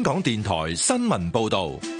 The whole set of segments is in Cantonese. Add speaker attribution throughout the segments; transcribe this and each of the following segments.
Speaker 1: 香港電台新聞報道。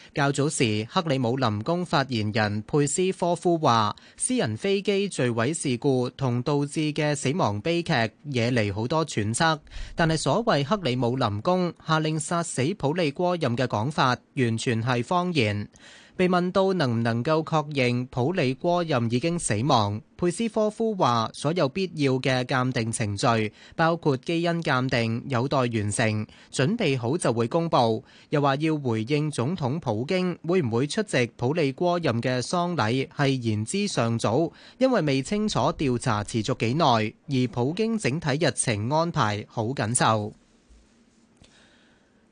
Speaker 2: 較早時，克里姆林宮發言人佩斯科夫話，私人飛機墜毀事故同導致嘅死亡悲劇惹嚟好多揣測，但係所謂克里姆林宮下令殺死普利戈任嘅講法，完全係謊言。被問到能唔能夠確認普里戈任已經死亡，佩斯科夫話：所有必要嘅鑑定程序，包括基因鑑定，有待完成，準備好就會公佈。又話要回應總統普京會唔會出席普里戈任嘅喪禮係言之尚早，因為未清楚調查持續幾耐，而普京整體日程安排好緊湊。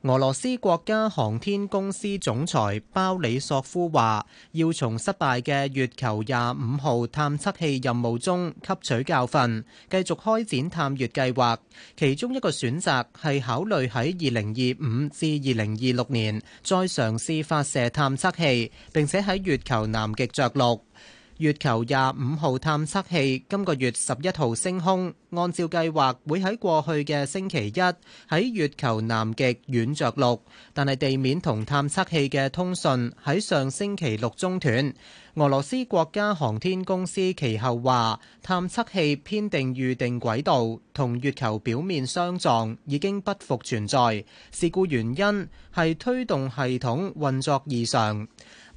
Speaker 2: 俄羅斯國家航天公司總裁鮑里索夫話，要從失敗嘅月球廿五號探測器任務中吸取教訓，繼續開展探月計劃。其中一個選擇係考慮喺二零二五至二零二六年再嘗試發射探測器，並且喺月球南極着陸。月球廿五號探測器今個月十一號升空，按照計劃會喺過去嘅星期一喺月球南極軟着陸，但係地面同探測器嘅通訊喺上星期六中斷。俄羅斯國家航天公司其後話，探測器偏離預定軌道同月球表面相撞已經不復存在，事故原因係推動系統運作異常。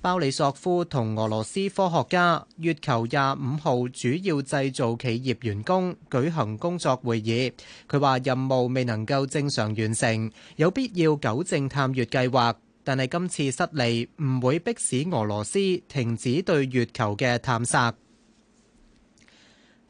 Speaker 2: 鮑里索夫同俄羅斯科學家月球廿五號主要製造企業員工舉行工作會議，佢話任務未能夠正常完成，有必要糾正探月計劃，但係今次失利唔會迫使俄羅斯停止對月球嘅探索。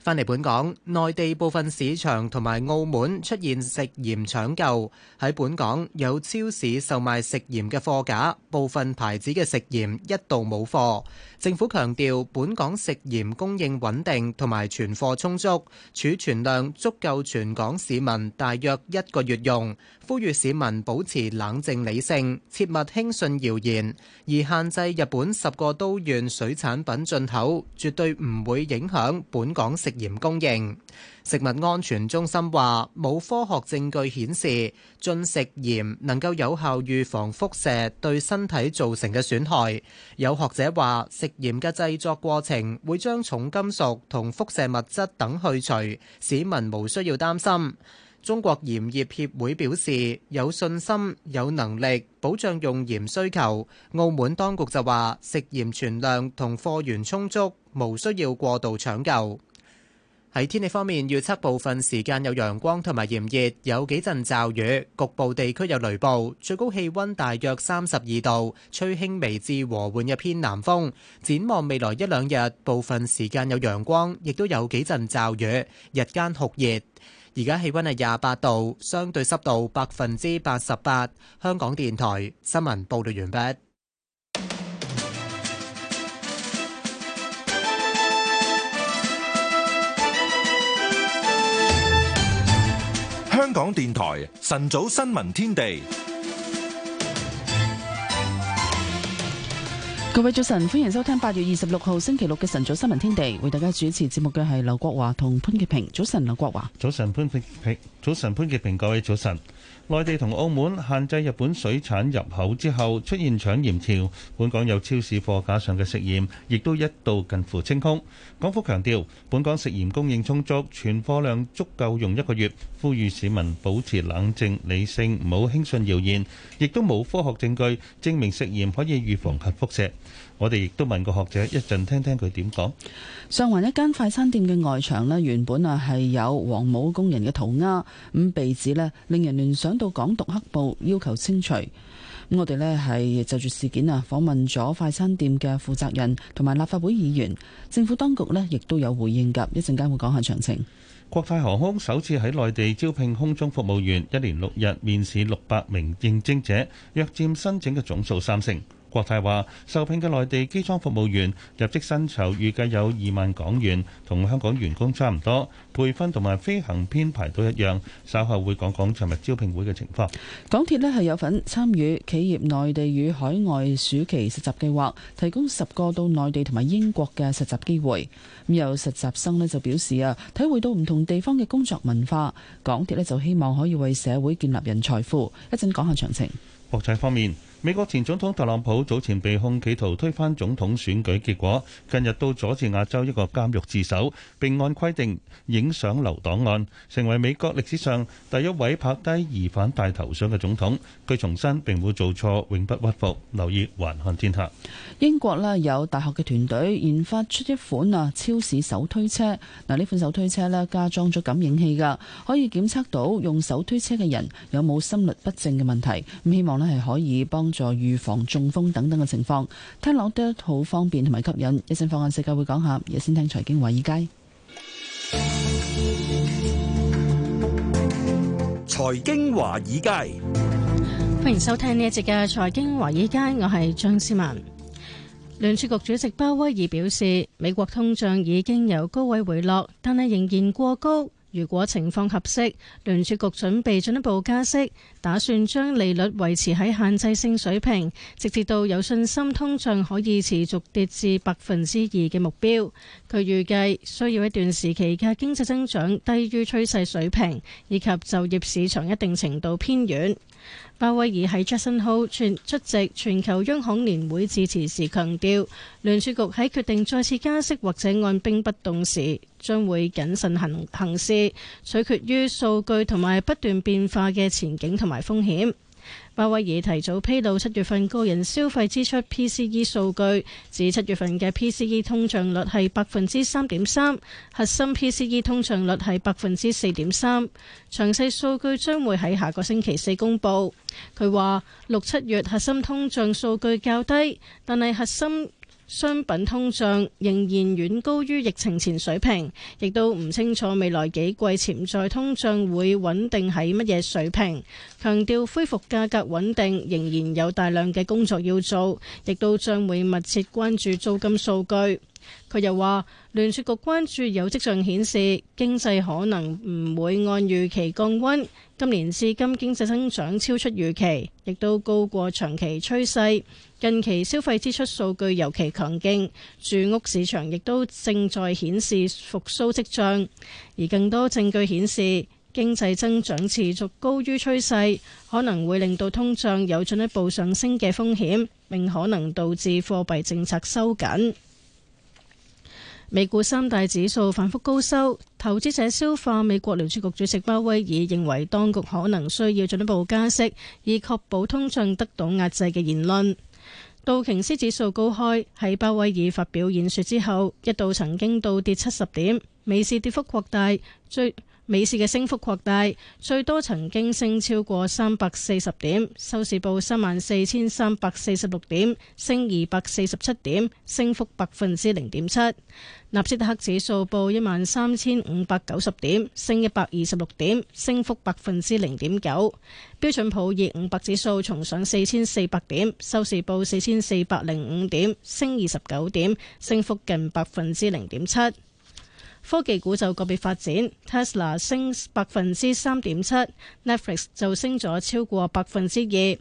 Speaker 2: 返嚟本港，內地部分市場同埋澳門出現食鹽搶購，喺本港有超市售賣食鹽嘅貨架，部分牌子嘅食鹽一度冇貨。政府強調，本港食鹽供應穩定同埋存貨充足，儲存量足夠全港市民大約一個月用。呼籲市民保持冷靜理性，切勿輕信謠言。而限制日本十個都縣水產品進口，絕對唔會影響本港食鹽供應。食物安全中心話，冇科學證據顯示進食鹽能夠有效預防輻射對身體造成嘅損害。有學者話食鹽嘅製作過程會將重金屬同輻射物質等去除，市民無需要擔心。中國鹽業協會表示有信心有能力保障用鹽需求。澳門當局就話食鹽存量同貨源充足，無需要過度搶購。喺天氣方面，預測部分時間有陽光同埋炎熱，有幾陣驟雨，局部地區有雷暴，最高氣溫大約三十二度，吹輕微至和緩嘅偏南風。展望未來一兩日，部分時間有陽光，亦都有幾陣驟雨，日間酷熱。而家氣溫係廿八度，相對濕度百分之八十八。香港電台新聞報道完畢。
Speaker 1: 香港電台晨早新聞天地，各
Speaker 3: 位早晨，歡迎收聽八月二十六號星期六嘅晨早新聞天地，為大家主持節目嘅係劉國華同
Speaker 4: 潘潔平。早晨，劉國華。早晨，潘潔平。早晨，潘潔平。各位早晨。內地同澳門限制日本水產入口之後，出現搶鹽潮。本港有超市貨架上嘅食鹽，亦都一度近乎清空。港府強調，本港食鹽供應充足，存貨量足夠用一個月。呼籲市民保持冷靜、理性，唔好輕信謠言，亦都冇科學證據證明食鹽可以預防核輻射。我哋亦都問過學者，一陣聽聽佢點講。
Speaker 3: 上環一間快餐店嘅外牆咧，原本啊係有黃母工人嘅塗鴉，咁被指咧令人聯想到港獨黑暴，要求清除。咁我哋咧係就住事件啊訪問咗快餐店嘅負責人同埋立法會議員，政府當局咧亦都有回應㗎，一陣間會講下詳
Speaker 4: 情。國泰航空首次喺內地招聘空中服務員，一連六日面試六百名應徵者，約佔申請嘅、嗯、總數三成，成。國泰話：受聘嘅內地機艙服務員入職薪酬預計有二萬港元，同香港員工差唔多，培訓同埋飛行編排都一樣。稍後會講講尋日招聘會嘅情況。
Speaker 3: 港鐵咧係有份參與企業內地與海外暑期實習計劃，提供十個到內地同埋英國嘅實習機會。咁有實習生咧就表示啊，體會到唔同地方嘅工作文化。港鐵咧就希望可以為社會建立人才庫。
Speaker 4: 一陣講下詳情。國際方面。美國前總統特朗普早前被控企圖推翻總統選舉結果，近日到佐治亞州一個監獄自首，並按規定影相留檔案，成為美國歷史上第一位拍低疑犯大頭相嘅總統。佢重申並冇做錯，永不屈服。留意環看天下。
Speaker 3: 英國呢有大學嘅團隊研發出一款啊超市手推車。嗱，呢款手推車呢加裝咗感應器噶，可以檢測到用手推車嘅人有冇心律不正嘅問題。咁希望呢係可以幫。助預防中風等等嘅情況，聽落都好方便同埋吸引。一陣先放眼世界會講下，而家先聽財經華爾街。
Speaker 1: 財經華爾街，
Speaker 5: 歡迎收聽呢一節嘅財經華爾街，我係張思文。聯儲局主席鮑威爾表示，美國通脹已經由高位回落，但係仍然過高。如果情況合適，聯儲局準備進一步加息，打算將利率維持喺限制性水平，直至到有信心通脹可以持續跌至百分之二嘅目標。佢預計需要一段時期嘅經濟增長低於趨勢水平，以及就業市場一定程度偏軟。鮑威爾喺 Jackson Hole 出席全球央行年會致辭時強調，聯儲局喺決定再次加息或者按兵不動時將會謹慎行行事，取決於數據同埋不斷變化嘅前景同埋風險。鮑威爾提早披露七月份個人消費支出 （PCE） 數據，指七月份嘅 PCE 通脹率係百分之三點三，核心 PCE 通脹率係百分之四點三。詳細數據將會喺下個星期四公佈。佢話六七月核心通脹數據較低，但係核心商品通脹仍然遠高於疫情前水平，亦都唔清楚未來幾季潛在通脹會穩定喺乜嘢水平。強調恢復價格穩定仍然有大量嘅工作要做，亦都將會密切關注租金數據。佢又話，聯儲局關注有跡象顯示經濟可能唔會按預期降溫。今年至今，經濟增長超出預期，亦都高過長期趨勢。近期消費支出數據尤其強勁，住屋市場亦都正在顯示復蘇跡象。而更多證據顯示經濟增長持續高於趨勢，可能會令到通脹有進一步上升嘅風險，並可能導致貨幣政策收緊。美股三大指數反覆高收，投資者消化美國聯儲局主席鮑威爾認為當局可能需要進一步加息，以確保通脹得到壓制嘅言論。道瓊斯指數高開，喺鮑威爾發表演說之後，一度曾經倒跌七十點，尾市跌幅擴大。最美市嘅升幅擴大，最多曾經升超過三百四十點，收市報三萬四千三百四十六點，升二百四十七點，升幅百分之零點七。納斯達克指數報一萬三千五百九十點，升一百二十六點，升幅百分之零點九。標準普爾五百指數重上四千四百點，收市報四千四百零五點，升二十九點，升幅近百分之零點七。科技股就個別發展，Tesla 升百分之三點七，Netflix 就升咗超過百分之二，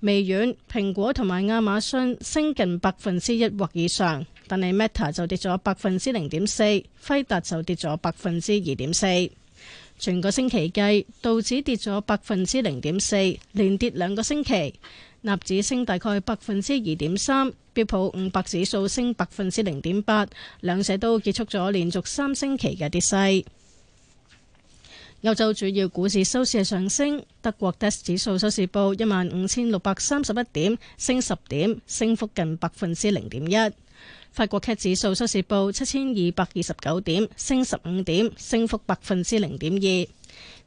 Speaker 5: 微軟、蘋果同埋亞馬遜升近百分之一或以上，但係 Meta 就跌咗百分之零點四，輝達就跌咗百分之二點四。全個星期計，道指跌咗百分之零點四，連跌兩個星期。納指升大概百分之二點三，標普五百指數升百分之零點八，兩者都結束咗連續三星期嘅跌勢。歐洲主要股市收市上升，德國 DAX 指數收市報一萬五千六百三十一點，升十點，升幅近百分之零點一。法國 CAC 指數收市報七千二百二十九點，升十五點，升幅百分之零點二。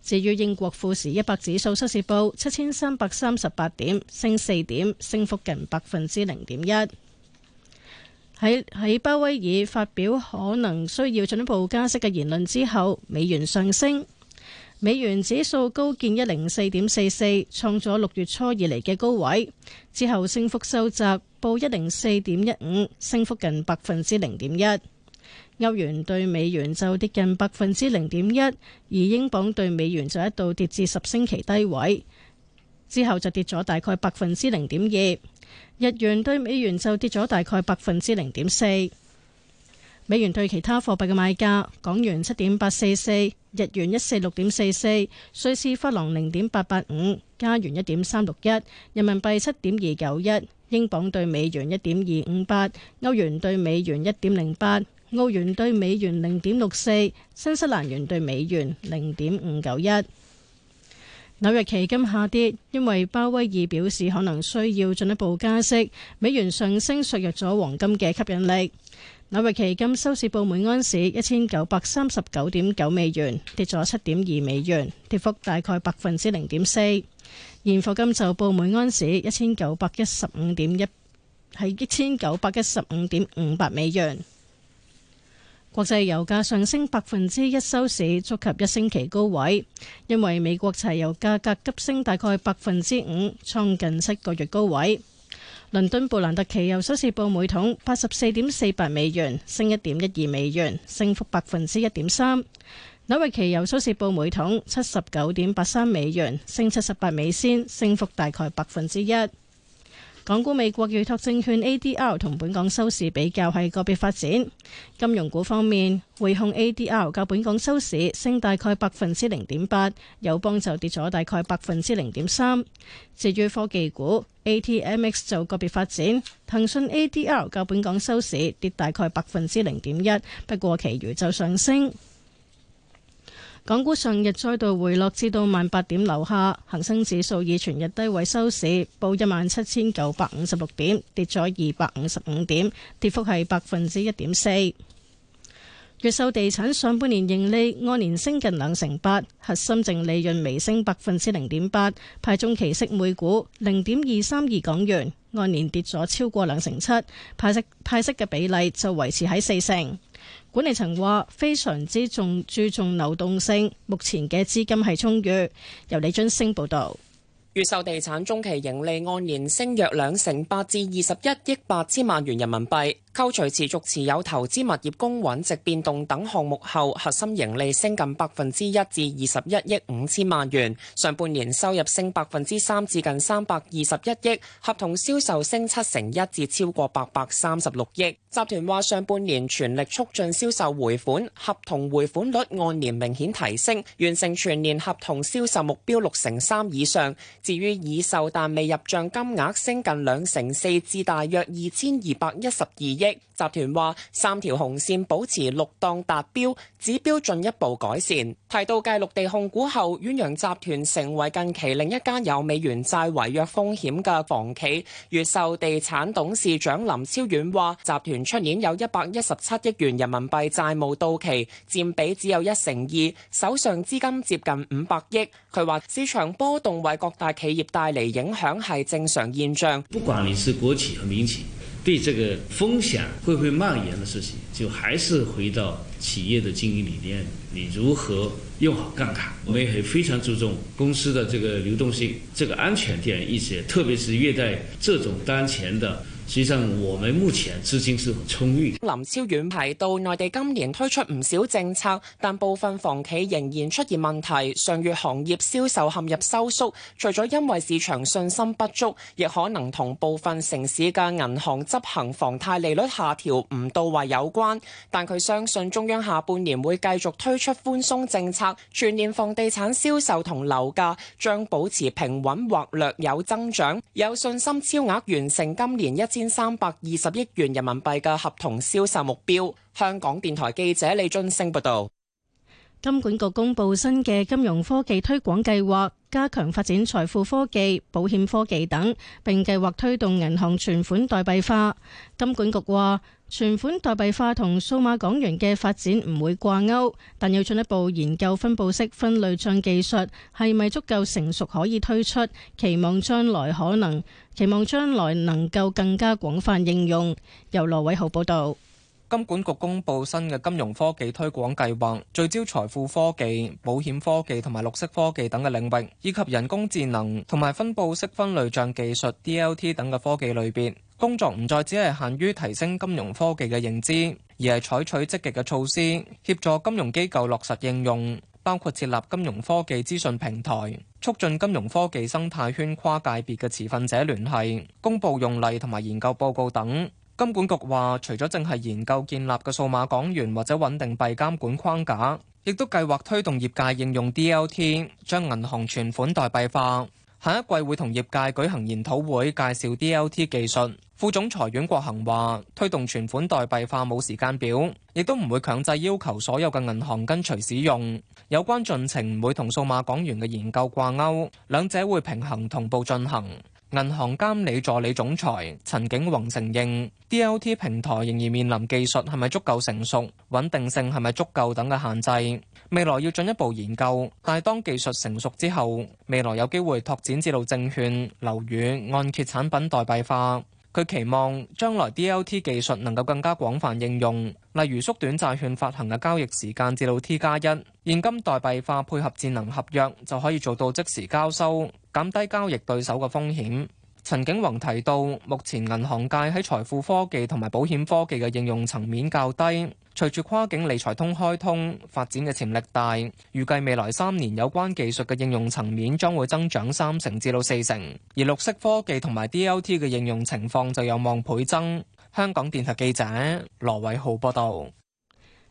Speaker 5: 至於英國富時一百指數收市報七千三百三十八點，升四點，升幅近百分之零點一。喺喺鮑威爾發表可能需要進一步加息嘅言論之後，美元上升，美元指數高見一零四點四四，創咗六月初以嚟嘅高位，之後升幅收窄，報一零四點一五，升幅近百分之零點一。歐元對美元就跌近百分之零點一，而英鎊對美元就一度跌至十星期低位，之後就跌咗大概百分之零點二。日元對美元就跌咗大概百分之零點四。美元對其他貨幣嘅賣價：港元七點八四四，日元一四六點四四，瑞士法郎零點八八五，加元一點三六一，人民幣七點二九一，英鎊對美元一點二五八，歐元對美元一點零八。澳元兌美元零點六四，新西蘭元兌美元零點五九一。紐約期金下跌，因為鮑威爾表示可能需要進一步加息，美元上升削弱咗黃金嘅吸引力。紐約期金收市報每安士一千九百三十九點九美元，跌咗七點二美元，跌幅大概百分之零點四。現貨金就報每安士一千九百一十五點一係一千九百一十五點五八美元。國際油價上升百分之一收市，觸及一星期高位，因為美國柴油價格急升大概百分之五，創近七個月高位。倫敦布蘭特期油收市報每桶八十四點四八美元，升一點一二美元，升幅百分之一點三。紐約期油收市報每桶七十九點八三美元，升七十八美仙，升幅大概百分之一。港股、美國預託證券 ADR 同本港收市比較係個別發展。金融股方面，匯控 ADR 較本港收市升大概百分之零點八，友邦就跌咗大概百分之零點三。至於科技股，ATMX 就個別發展。騰訊 ADR 較本港收市跌大概百分之零點一，不過其餘就上升。港股上日再度回落至到萬八點樓下，恒生指數以全日低位收市，報一萬七千九百五十六點，跌咗二百五十五點，跌幅係百分之一點四。越秀地產上半年盈利按年升近兩成八，核心淨利潤微升百分之零點八，派中期息每股零點二三二港元，按年跌咗超過兩成七，派息派息嘅比例就維持喺四成。管理層話非常之重注重流動性，目前嘅資金係充裕。由李津升報道。
Speaker 6: 越秀地產中期盈利按年升約兩成八至二十一億八千萬元人民幣。扣除持續持有投資物業公允值變動等項目後，核心盈利升近百分之一至二十一億五千萬元。上半年收入升百分之三至近三百二十一億，合同銷售升七成一至超過八百三十六億。集團話上半年全力促進銷售回款，合同回款率按年明顯提升，完成全年合同銷售目標六成三以上。至於已售但未入賬金額升近兩成四，至大約二千二百一十二億。集團話三條紅線保持綠檔達標，指標進一步改善。提到繼綠地控股後，遠洋集團成為近期另一間有美元債違約風險嘅房企。越秀地產董事長林超遠話：集團。出年有一百一十七億元人民幣債務到期，佔比只有一成二，手上資金接近五百億。佢話市場波動為各大企業帶嚟影響係正常現象。不管你是國企和民企，對這個風險會不會蔓延的事情，就還是回到企業的經營理念，你如
Speaker 7: 何用好槓桿？我們亦非常注重公司的這個流動性、這個安全墊一些，特別是越在這種當前的。其實我們目前資金是很充裕。
Speaker 6: 林超遠提到，內地今年推出唔少政策，但部分房企仍然出現問題，上月行業銷售陷入收縮，除咗因為市場信心不足，亦可能同部分城市嘅銀行執行房貸利率下調唔到位有關，但佢相信中央下半年會繼續推出寬鬆政策，全年房地產銷售同樓價將保持平穩或略有增長，有信心超額完成今年一。千三百二十億元人民幣嘅合同銷售目標。香港電台記者李俊升報道。金
Speaker 5: 管局公布新嘅金融科技推廣計劃。加強發展財富科技、保險科技等，並計劃推動銀行存款代幣化。金管局話，存款代幣化同數碼港元嘅發展唔會掛鈎，但要進一步研究分布式分類賬技術，係咪足夠成熟可以推出，期望將來可能，期望將來能夠更加廣泛應用。由羅偉豪報道。
Speaker 8: 金管局公布新嘅金融科技推廣計劃，聚焦財富科技、保險科技同埋綠色科技等嘅領域，以及人工智能同埋分佈式分類賬技術 DLT 等嘅科技類別。工作唔再只係限於提升金融科技嘅認知，而係採取積極嘅措施，協助金融機構落實應用，包括設立金融科技資訊平台，促進金融科技生態圈跨界別嘅持份者聯繫，公布用例同埋研究報告等。金管局話除咗正係研究建立嘅數碼港元或者穩定幣監管框架，亦都計劃推動業界應用 DLT，將銀行存款代幣化。下一季會同業界舉行研討會介紹 DLT 技術。副總裁阮國恆話推動存款代幣化冇時間表，亦都唔會強制要求所有嘅銀行跟隨使用。有關進程唔會同數碼港元嘅研究掛鈎，兩者會平衡同步進行。銀行監理助理總裁陳景宏承認，DLT 平台仍然面臨技術係咪足夠成熟、穩定性係咪足夠等嘅限制，未來要進一步研究。但係當技術成熟之後，未來有機會拓展至到證券、樓宇按揭產品代幣化。佢期望將來 DLT 技術能夠更加廣泛應用，例如縮短債券發行嘅交易時間至到 T 加一，1，現金代幣化配合智能合約就可以做到即時交收，減低交易對手嘅風險。陳景宏提到，目前銀行界喺財富科技同埋保險科技嘅應用層面較低，隨住跨境理財通開通，發展嘅潛力大。預計未來三年有關技術嘅應用層面將會增長三成至到四成，而綠色科技同埋 DLT 嘅應用情況就有望倍增。香港電台記者羅偉浩報道。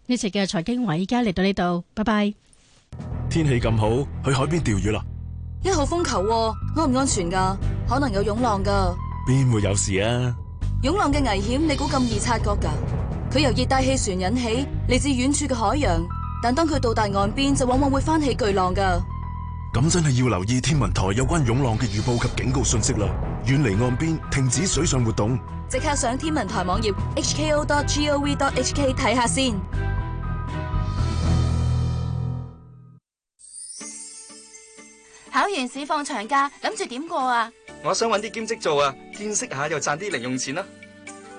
Speaker 5: 呢次嘅財經話，依家嚟到呢度，拜拜。
Speaker 1: 天氣咁好，去海邊釣魚啦！
Speaker 9: 一號風球，啊，安唔安全噶？
Speaker 3: 可能有湧浪噶，
Speaker 1: 邊會有事啊？
Speaker 3: 湧浪嘅危險你估咁易察覺噶？佢由熱帶氣旋引起，嚟自遠處嘅海洋，但當佢到達岸
Speaker 9: 邊，就往往會翻起巨浪噶。
Speaker 1: 咁真係要留意天文台有關湧浪嘅預報及警告信息啦。遠離岸邊，停止水上活動。
Speaker 9: 即刻上天文台網頁 hko.gov.hk 睇下先。考完試放長假，諗住點過啊？
Speaker 10: 我想揾啲兼職做啊，見識下又賺啲零用錢啦。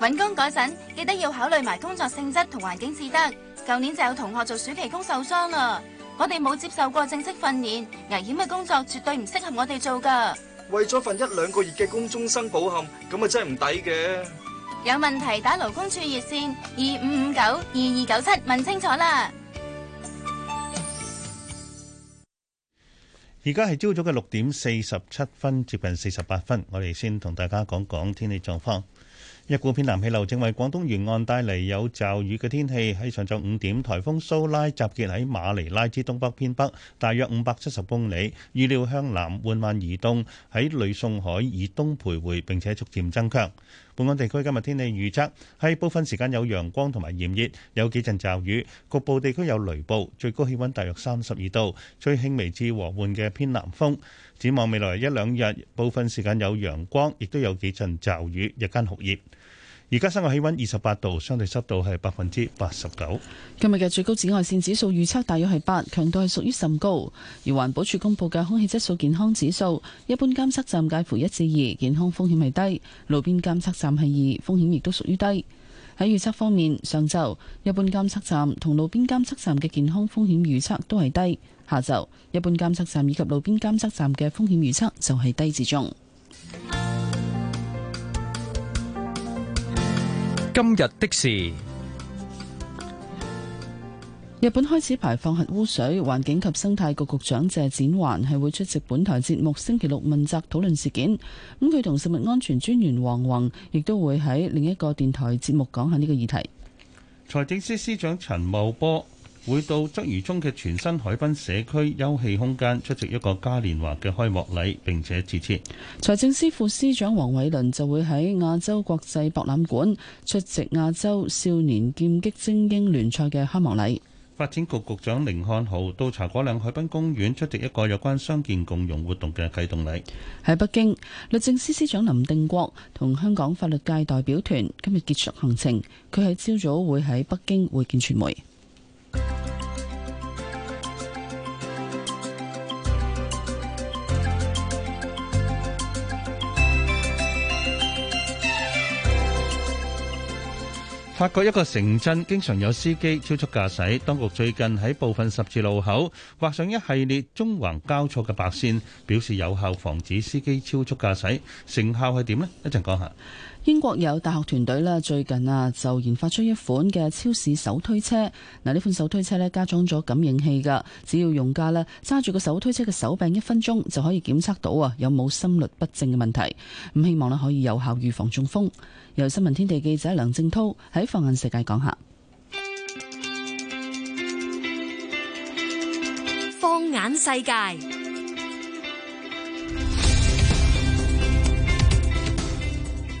Speaker 5: 揾工嗰陣記得要考慮埋工作性質同環境至得。舊年就有同學做暑期工受傷啦。我哋冇接受過正式訓練，危險嘅工作絕對唔適合我哋做㗎。為咗
Speaker 8: 份一兩個月嘅工終生抱憾，咁啊真係唔抵嘅。
Speaker 5: 有問題打勞工處熱線二五五九二二九七問清楚啦。
Speaker 4: 而家係朝早嘅六點四十七分，接近四十八分，我哋先同大家講講天氣狀況。一股偏南氣流正為廣東沿岸帶嚟有驟雨嘅天氣。喺上晝五點，颱風蘇拉集結喺馬尼拉之東北偏北，大約五百七十公里，預料向南緩慢移動，喺呂宋海以東徘徊並且逐漸增強。本港地區今日天，天氣預測係部分時間有陽光同埋炎熱，有幾陣驟雨，局部地區有雷暴，最高氣溫大約三十二度，吹輕微至和緩嘅偏南風。展望未來一兩日，部分時間有陽光，亦都有幾陣驟雨，日間酷熱。而家室外氣溫二十八度，相對濕度係百分之八十九。
Speaker 3: 今日嘅最高紫外線指數預測大約係八，強度係屬於甚高。而環保署公布嘅空氣質素健康指數，一般監測站介乎一至二，健康風險係低；路邊監測站係二，風險亦都屬於低。喺預測方面，上晝一般監測站同路邊監測站嘅健康風險預測都係低。下晝，一般監測站以及路邊監測站嘅風險預測就係低至中。
Speaker 10: 今日的事，
Speaker 3: 日本開始排放核污水，環境及生態局局長謝展寰係會出席本台節目星期六問責討論事件。咁佢同食物安全專員黃宏亦都會喺另一個電台節目講下呢個議題。
Speaker 4: 財政司司長陳茂波。會到鰂魚湧嘅全新海濱社區休憩空間出席一個嘉年華嘅開幕禮，並且致辭。
Speaker 3: 財政司副司長黃偉綸就會喺亞洲國際博覽館出席亞洲少年劍擊精英聯賽嘅開幕禮。
Speaker 4: 發展局局長甯漢豪到茶果嶺海濱公園出席一個有關傷健共融活動嘅啟動禮。
Speaker 3: 喺北京，律政司司長林定國同香港法律界代表團今日結束行程，佢喺朝早會喺北京會見傳媒。
Speaker 4: 法國一個城鎮經常有司機超速駕駛，當局最近喺部分十字路口畫上一系列中橫交錯嘅白線，表示有效防止司機超速駕駛，成效係點呢？一陣講下。
Speaker 3: 英國有大學團隊啦，最近啊就研發出一款嘅超市手推車。嗱，呢款手推車咧加裝咗感應器噶，只要用家咧揸住個手推車嘅手柄一分鐘，就可以檢測到啊有冇心律不正嘅問題。咁希望咧可以有效預防中風。由新聞天地記者梁正濤喺放眼世界講下。
Speaker 11: 放眼世界。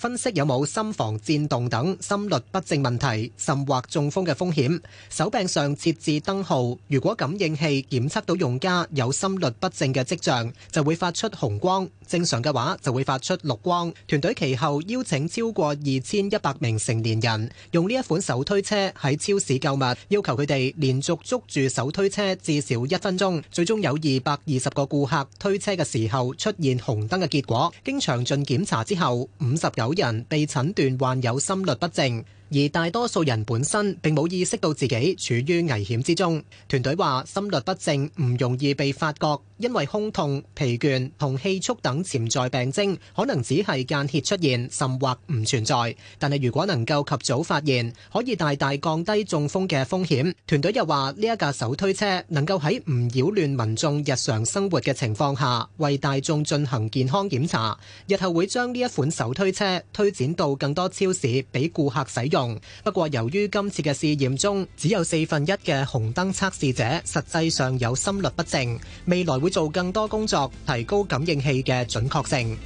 Speaker 2: 分析有冇心房顫動等心律不正問題，甚或中風嘅風險。手柄上設置燈號，如果感應器檢測到用家有心律不正嘅跡象，就會發出紅光。正常嘅話就會發出綠光。團隊其後邀請超過二千一百名成年人用呢一款手推車喺超市購物，要求佢哋連續捉住手推車至少一分鐘，最終有二百二十個顧客推車嘅時候出現紅燈嘅結果。經詳盡檢查之後五十九人被診斷患有心律不正，而大多數人本身並冇意識到自己處於危險之中。團隊話心律不正唔容易被發覺。因為胸痛、疲倦同氣促等潛在病徵，可能只係間歇出現，甚或唔存在。但係如果能夠及早發現，可以大大降低中風嘅風險。團隊又話，呢一架手推車能夠喺唔擾亂民眾日常生活嘅情況下，為大眾進行健康檢查。日後會將呢一款手推車推展到更多超市俾顧客使用。不過，由於今次嘅試驗中只有四分一嘅紅燈測試者實際上有心律不正，未來會做更多工作，提高感應器嘅準確性。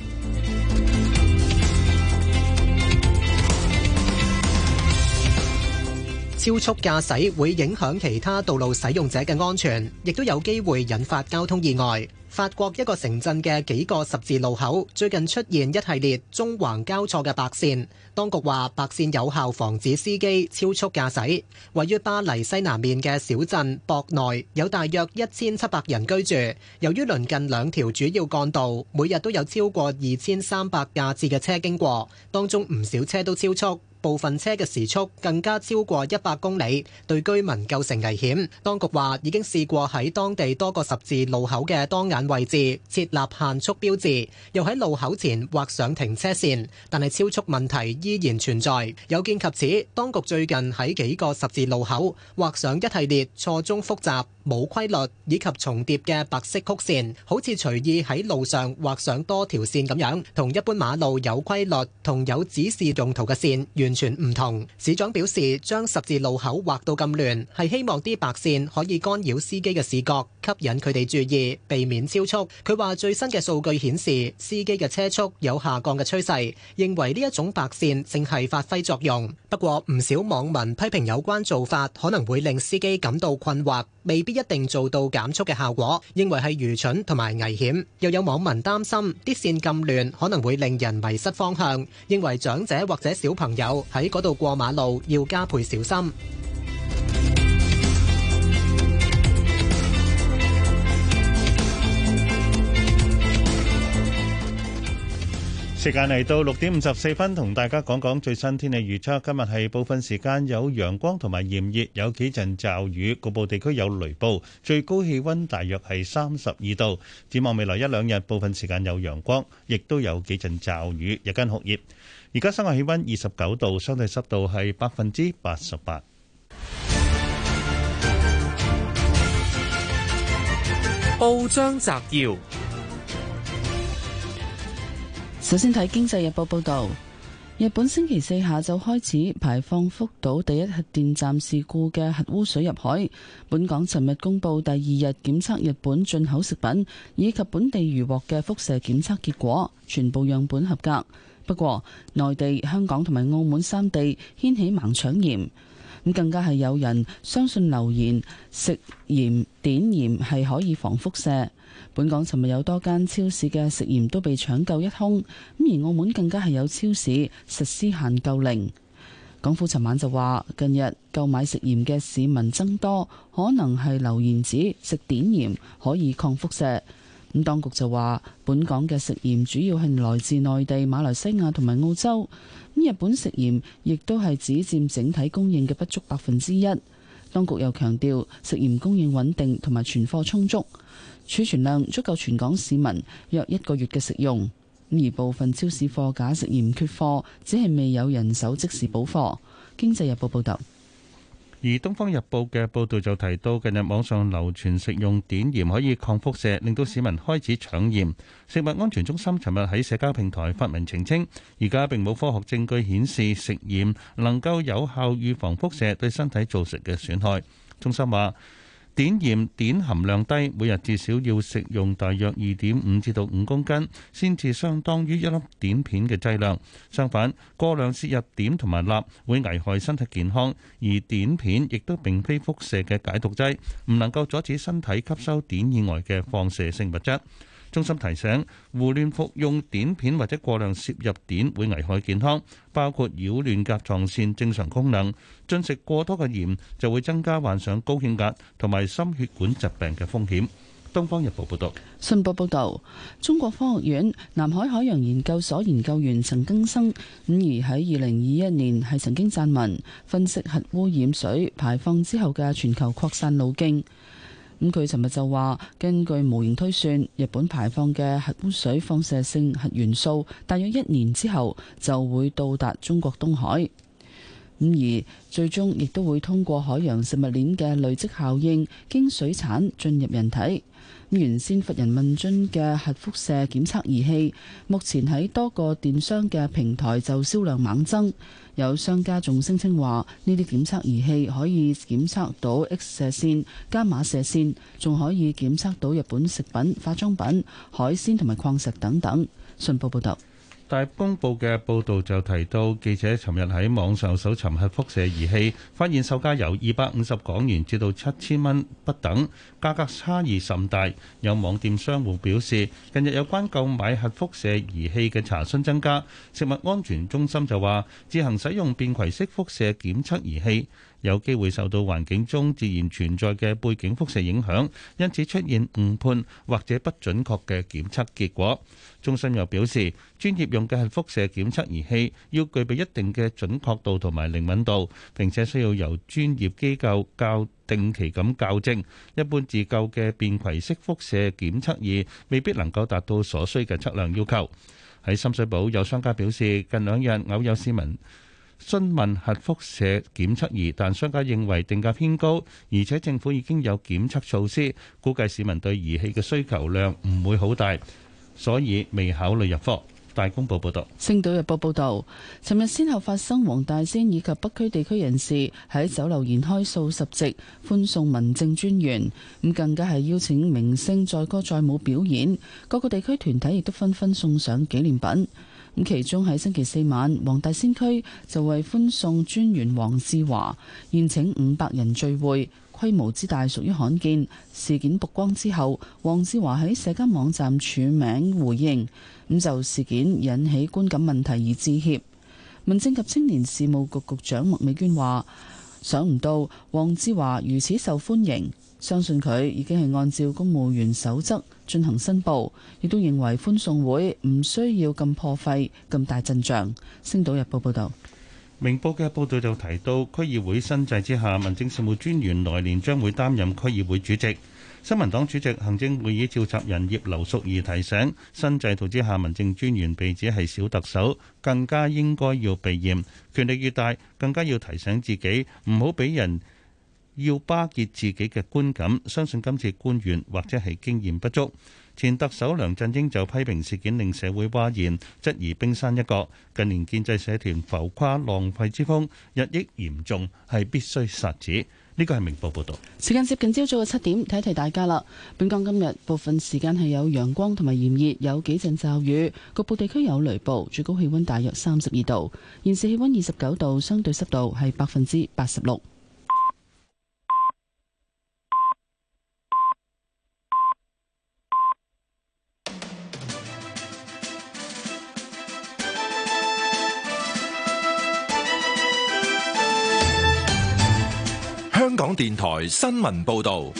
Speaker 2: 超速駕駛會影響其他道路使用者嘅安全，亦都有機會引發交通意外。法國一個城鎮嘅幾個十字路口最近出現一系列中橫交錯嘅白線，當局話白線有效防止司機超速駕駛。位於巴黎西南面嘅小鎮博內有大約一千七百人居住，由於鄰近兩條主要幹道，每日都有超過二千三百架次嘅車經過，當中唔少車都超速。部分車嘅時速更加超過一百公里，對居民構成危險。當局話已經試過喺當地多個十字路口嘅當眼位置設立限速標誌，又喺路口前劃上停車線，但係超速問題依然存在。有見及此，當局最近喺幾個十字路口劃上一系列錯綜複雜，冇規律以及重疊嘅白色曲線，好似隨意喺路上畫上多條線咁樣，同一般馬路有規律同有指示用途嘅線完全唔同。市長表示，將十字路口畫到咁亂，係希望啲白線可以干擾司機嘅視覺，吸引佢哋注意，避免超速。佢話最新嘅數據顯示，司機嘅車速有下降嘅趨勢，認為呢一種白線正係發揮作用。不過唔少網民批評有關做法可能會令司機感到困惑，未必。一定做到減速嘅效果，認為係愚蠢同埋危險。又有網民擔心啲線咁亂，可能會令人迷失方向，認為長者或者小朋友喺嗰度過馬路要加倍小心。
Speaker 4: 時間嚟到六點五十四分，同大家講講最新天氣預測。今日係部分時間有陽光同埋炎熱，有幾陣驟雨，局部地區有雷暴。最高氣温大約係三十二度。展望未來一兩日，部分時間有陽光，亦都有幾陣驟雨，日間酷熱。而家室外氣温二十九度，相對濕度係百分之八十八。報章摘要。
Speaker 3: 首先睇經濟日報報道，日本星期四下晝開始排放福島第一核電站事故嘅核污水入海。本港尋日公布第二日檢測日本進口食品以及本地漁獲嘅輻射檢測結果，全部樣本合格。不過，內地、香港同埋澳門三地掀起盲搶鹽。咁更加係有人相信流言，食鹽碘鹽係可以防輻射。本港尋日有多間超市嘅食鹽都被搶購一空，咁而澳門更加係有超市實施限購令。港府尋晚就話，近日購買食鹽嘅市民增多，可能係流言指食碘鹽可以抗輻射。咁當局就話，本港嘅食鹽主要係來自內地、馬來西亞同埋澳洲。日本食鹽亦都係只佔整體供應嘅不足百分之一。當局又強調食鹽供應穩定同埋存貨充足，儲存量足夠全港市民約一個月嘅食用。而部分超市貨架食鹽缺貨，只係未有人手即時補貨。經濟日報報道。
Speaker 4: 而《東方日報》嘅報導就提到，近日網上流傳食用碘鹽可以抗輻射，令到市民開始搶鹽。食物安全中心尋日喺社交平台發文澄清，而家並冇科學證據顯示食鹽能夠有效預防輻射對身體造成嘅損害。中心話：碘鹽碘含量低，每日至少要食用大約二點五至到五公斤，先至相當於一粒碘片嘅劑量。相反，過量攝入碘同埋鈉會危害身體健康，而碘片亦都並非輻射嘅解毒劑，唔能夠阻止身體吸收碘以外嘅放射性物質。中心提醒，胡亂服用碘片或者過量攝入碘會危害健康，包括擾亂甲狀腺正常功能。進食過多嘅鹽就會增加患上高血壓同埋心血管疾病嘅風險。《東方日報》報道：
Speaker 3: 「信報報道，中國科學院南海海、海洋研究所研究員陳更生，五而喺二零二一年係曾經撰文分析核污染水排放之後嘅全球擴散路徑。咁佢尋日就話，根據模型推算，日本排放嘅核污水放射性核元素，大約一年之後就會到達中國東海，咁而最終亦都會通過海洋食物鏈嘅累積效應，經水產進入人體。原先無人問津嘅核輻射檢測儀器，目前喺多個電商嘅平台就銷量猛增。有商家仲聲稱話，呢啲檢測儀器可以檢測到 X 射線、伽馬射線，仲可以檢測到日本食品、化妝品、海鮮同埋礦石等等。信報報道。
Speaker 4: 大公報嘅報道就提到，記者尋日喺網上搜尋核輻射儀器，發現售價由二百五十港元至到七千蚊不等，價格差異甚大。有網店商戶表示，近日有關購買核輻射儀器嘅查詢增加。食物安全中心就話，自行使用便攜式輻射檢測儀器，有機會受到環境中自然存在嘅背景輻射影響，因此出現誤判或者不準確嘅檢測結果。中心又表示，專業用嘅係輻射檢測儀器，要具備一定嘅準確度同埋靈敏度，並且需要由專業機構校定期咁校正。一般自購嘅便攜式輻射檢測儀未必能夠達到所需嘅測量要求。喺深水埗有商家表示，近兩日偶有市民，詢問核輻射檢測儀，但商家認為定價偏高，而且政府已經有檢測措施，估計市民對儀器嘅需求量唔會好大，所以未考慮入貨。大公報報道，
Speaker 3: 星島日報報道，尋日先後發生黃大仙以及北區地區人士喺酒樓筵開數十席，歡送民政專員，咁更加係邀請明星載歌載舞表演，各個地區團體亦都紛紛送上紀念品。咁，其中喺星期四晚，黃大仙區就為歡送專員黃志華宴請五百人聚會，規模之大屬於罕見。事件曝光之後，黃志華喺社交網站署名回應，咁就事件引起觀感問題而致歉。民政及青年事務局局局長麥美娟話：想唔到黃志華如此受歡迎。相信佢已經係按照公務員守則進行申報，亦都認為歡送會唔需要咁破費咁大陣仗。星島日報報道，
Speaker 4: 明報嘅報道就提到，區議會新制之下，民政事務專員來年將會擔任區議會主席。新民黨主席行政會議召集人葉劉淑儀提醒，新制度之下民政專員被指係小特首，更加應該要避嫌，權力越大，更加要提醒自己唔好俾人。要巴結自己嘅觀感，相信今次官員或者係經驗不足。前特首梁振英就批評事件令社會嘩然，質疑冰山一角。近年建制社團浮誇浪費之風日益嚴重，係必須殺止。呢個係明報報道。
Speaker 3: 時間接近朝早嘅七點，提一提大家啦。本港今日部分時間係有陽光同埋炎熱，有幾陣驟雨，局部地區有雷暴。最高氣溫大約三十二度，現時氣溫二十九度，相對濕度係百分之八十六。
Speaker 1: 香港電台新聞報道，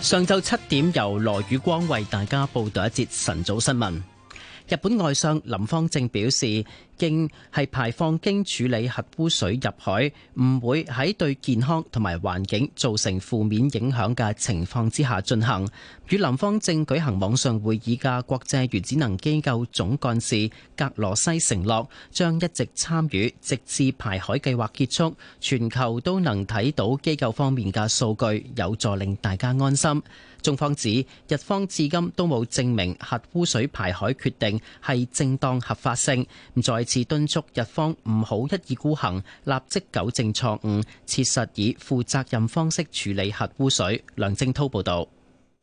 Speaker 1: 上
Speaker 12: 晝七點由羅宇光為大家報道一節晨早新聞。日本外相林芳正表示，淨係排放經處理核污水入海，唔會喺對健康同埋環境造成負面影響嘅情況之下進行。與林芳正舉行網上會議嘅國際原子能機構總幹事。格羅西承諾將一直參與，直至排海計劃結束，全球都能睇到機構方面嘅數據，有助令大家安心。中方指日方至今都冇證明核污水排海決定係正當合法性，再次敦促日方唔好一意孤行，立即糾正錯誤，切實以負責任方式處理核污水。梁正濤報道。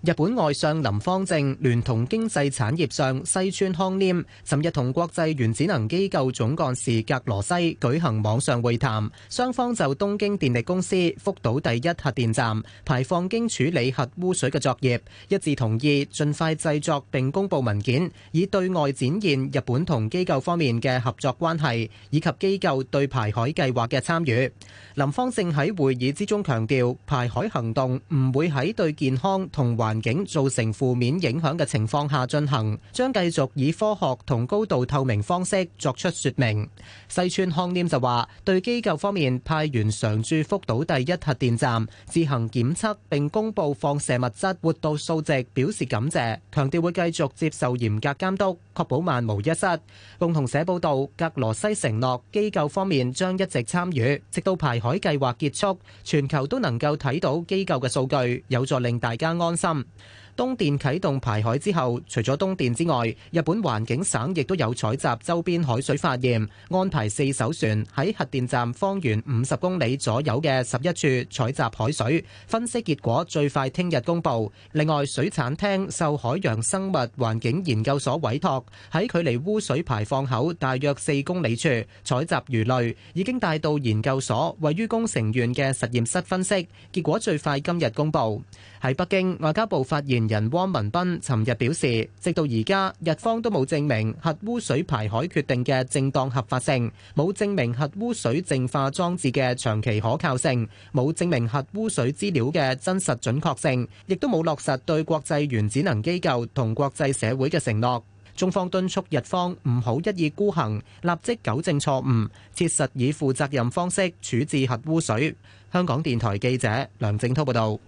Speaker 2: 日本外相林方正聯同經濟產業相西村康稔尋日同國際原子能機構總幹事格羅西舉行網上會談，雙方就東京電力公司福島第一核電站排放經處理核污水嘅作業，一致同意盡快製作並公佈文件，以對外展現日本同機構方面嘅合作關係，以及機構對排海計劃嘅參與。林方正喺會議之中強調，排海行動唔會喺對健康同環環境造成負面影響嘅情況下進行，將繼續以科學同高度透明方式作出說明。西村康稔就話：對機構方面派員常駐福島第一核電站，自行檢測並公布放射物質活度數值，表示感謝。強調會繼續接受嚴格監督，確保萬無一失。共同社報道，格羅西承諾機構方面將一直參與，直到排海計劃結束，全球都能夠睇到機構嘅數據，有助令大家安心。東電啟動排海之後，除咗東電之外，日本環境省亦都有採集周邊海水化驗，安排四艘船喺核電站方圓五十公里左右嘅十一處採集海水，分析結果最快聽日公布。另外，水產廳受海洋生物環境研究所委託，喺距離污水排放口大約四公里處採集魚類，已經帶到研究所位於工程院嘅實驗室分析，結果最快今日公布。喺北京，外交部發言人汪文斌尋日表示，直到而家，日方都冇證明核污水排海決定嘅正當合法性，冇證明核污水淨化裝置嘅長期可靠性，冇證明核污水資料嘅真實準確性，亦都冇落實對國際原子能機構同國際社會嘅承諾。中方敦促日方唔好一意孤行，立即糾正錯誤，切實以負責任方式處置核污水。香港電台記者梁正濤報道。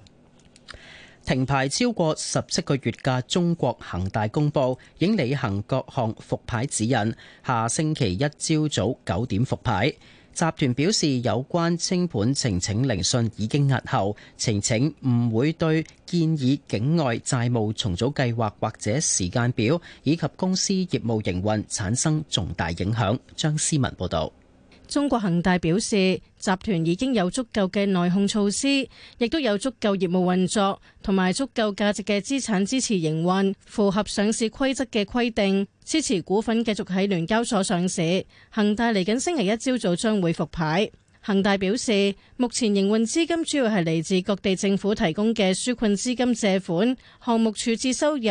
Speaker 2: 停牌
Speaker 12: 超過十七個月嘅中國恒大公佈，已履行各項復牌指引，下星期一朝早九點復牌。集團表示，有關清盤呈請聆訊已經押後，呈請唔會對建議境外債務重組計劃或者時間表以及公司業務營運產生重大影響。張思文報導。
Speaker 5: 中國恒大表示，集團已經有足夠嘅內控措施，亦都有足夠業務運作同埋足夠價值嘅資產支持營運，符合上市規則嘅規定，支持股份繼續喺聯交所上市。恒大嚟緊星期一朝早將會復牌。恒大表示，目前營運資金主要係嚟自各地政府提供嘅紓困資金借款、項目處置收入、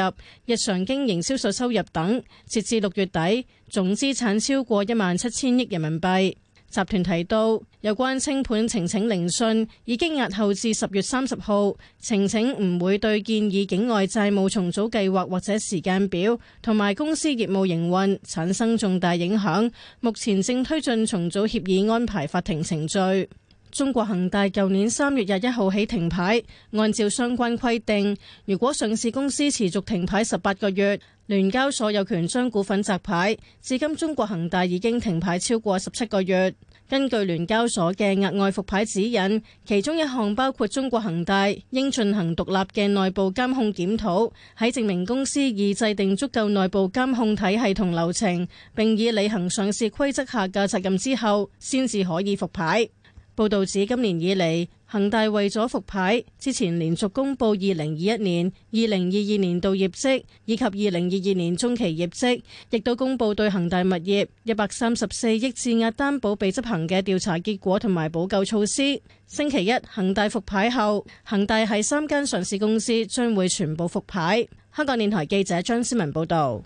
Speaker 5: 日常經營銷售收入等。截至六月底，總資產超過一萬七千億人民幣。集團提到，有關清盤呈請聆訊已經押後至十月三十號。呈請唔會對建議境外債務重組計劃或者時間表同埋公司業務營運產生重大影響。目前正推進重組協議安排法庭程序。中國恒大舊年三月廿一號起停牌，按照相關規定，如果上市公司持續停牌十八個月，聯交所有權將股份摘牌。至今，中國恒大已經停牌超過十七個月。根據聯交所嘅額外復牌指引，其中一項包括中國恒大應進行獨立嘅內部監控檢討，喺證明公司已制定足夠內部監控體系同流程，並已履行上市規則下嘅責任之後，先至可以復牌。報道指，今年以嚟，恒大為咗復牌，之前連續公布二零二一年、二零二二年度業績以及二零二二年中期業績，亦都公布對恒大物業一百三十四億質押擔保被執行嘅調查結果同埋補救措施。星期一，恒大復牌後，恒大系三間上市公司將會全部復牌。香港電台記者張思文報道。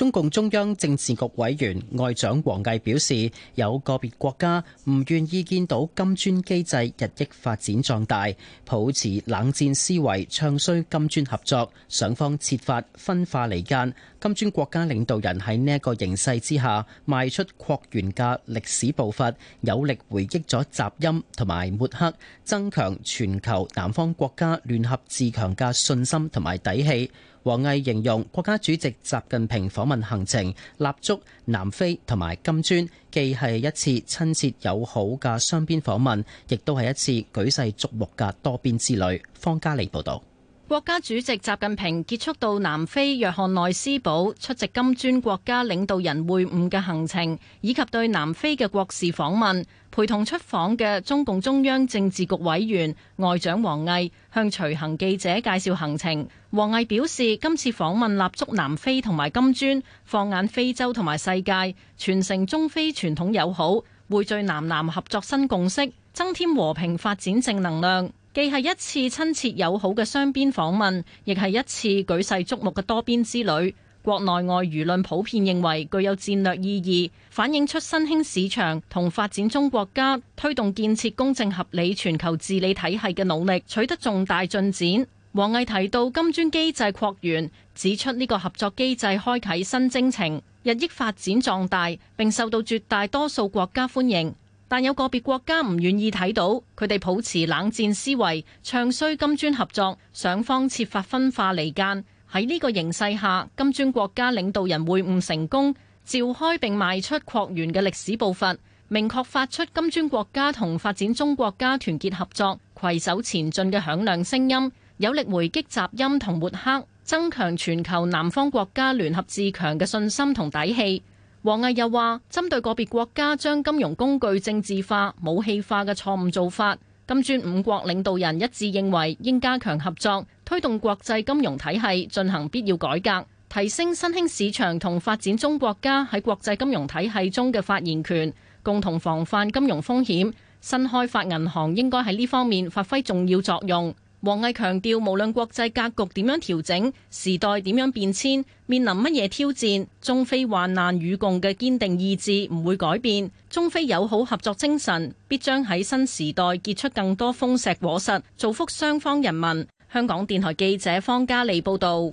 Speaker 5: 中共中央
Speaker 12: 政治局委員外長王毅表示，有個別國家唔願意見到金磚機制日益發展壯大，抱持冷戰思維，唱衰金磚合作，想方設法分化離間。金磚國家領導人喺呢一個形勢之下，邁出擴員嘅歷史步伐，有力回擊咗雜音同埋抹黑，增強全球南方國家聯合自強嘅信心同埋底氣。王毅形容，國家主席習近平訪問行程，立足南非同埋金磚，既係一次親切友好嘅雙邊訪問，亦都係一次舉世矚目嘅多邊之旅。方嘉莉報道。
Speaker 13: 國家主席習近平結束到南非約翰內斯堡出席金磚國家領導人會晤嘅行程，以及對南非嘅國事訪問。陪同出訪嘅中共中央政治局委員外長王毅向隨行記者介紹行程。王毅表示，今次訪問立足南非同埋金磚，放眼非洲同埋世界，傳承中非傳統友好，匯聚南南合作新共識，增添和平發展正能量。既係一次親切友好嘅雙邊訪問，亦係一次舉世矚目嘅多邊之旅。國內外輿論普遍認為具有戰略意義，反映出新興市場同發展中國家推動建設公正合理全球治理體系嘅努力取得重大進展。王毅提到金磚機制擴員，指出呢個合作機制開啓新征程，日益發展壯大，並受到絕大多數國家歡迎。但有個別國家唔願意睇到，佢哋抱持冷戰思維，唱衰金磚合作，想方設法分化離間。喺呢個形勢下，金磚國家領導人會晤成功，召開並邁出擴員嘅歷史步伐，明確發出金磚國家同發展中國家團結合作、攜手前進嘅響亮聲音，有力回擊雜音同抹黑，增強全球南方國家聯合自強嘅信心同底氣。王毅又話：針對個別國家將金融工具政治化、武器化嘅錯誤做法，金磚五國領導人一致認為應加強合作，推動國際金融體系進行必要改革，提升新興市場同發展中國家喺國際金融體系中嘅發言權，共同防範金融風險。新開發銀行應該喺呢方面發揮重要作用。王毅強調，無論國際格局點樣調整，時代點樣變遷，面臨乜嘢挑戰，中非患難與共嘅堅定意志唔會改變，中非友好合作精神必將喺新時代結出更多豐碩果實，造福雙方人民。香港電台記者方嘉莉報導。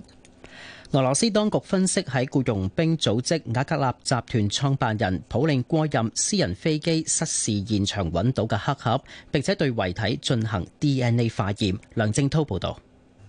Speaker 12: 俄羅斯當局分析喺僱傭兵組織瓦格納集團創辦人普令過任私人飛機失事現場揾到嘅黑盒，並且對遺體進行 DNA 化驗。梁正滔報導。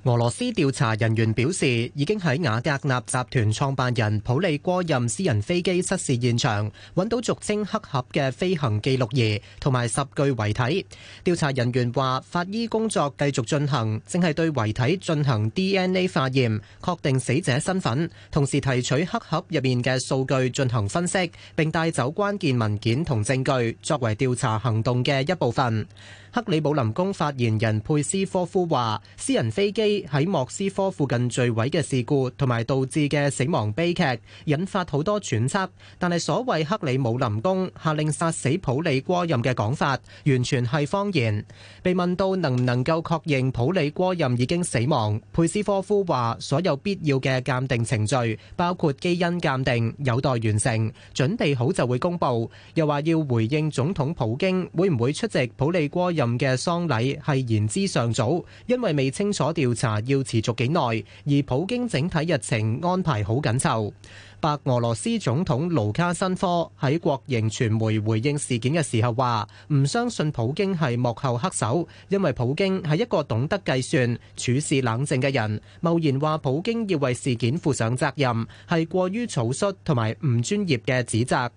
Speaker 12: 俄羅斯
Speaker 2: 調查人員表示，已經喺瓦格納集團創辦人普利戈任私人飛機失事現場揾到俗稱黑盒嘅飛行記錄儀同埋十具遺體。調查人員話，法醫工作繼續進行，正係對遺體進行 DNA 化驗，確定死者身份，同時提取黑盒入面嘅數據進行分析，並帶走關鍵文件同證據作為調查行動嘅一部分。克里姆林宮發言人佩斯科夫話：私人飛機喺莫斯科附近墜毀嘅事故同埋導致嘅死亡悲劇，引發好多揣測。但係所謂克里姆林宮下令殺死普里戈任嘅講法，完全係謊言。被問到能唔能夠確認普里戈任已經死亡，佩斯科夫話：所有必要嘅鑑定程序，包括基因鑑定，有待完成，準備好就會公布。又話要回應總統普京會唔會出席普里戈任嘅喪禮係言之尚早，因為未清楚調查要持續幾耐，而普京整體日程安排好緊湊。白俄羅斯總統盧卡申科喺國營傳媒回應事件嘅時候話：唔相信普京係幕後黑手，因為普京係一個懂得計算、處事冷靜嘅人。貿然話普京要為事件負上責任，係過於草率同埋唔專業嘅指責。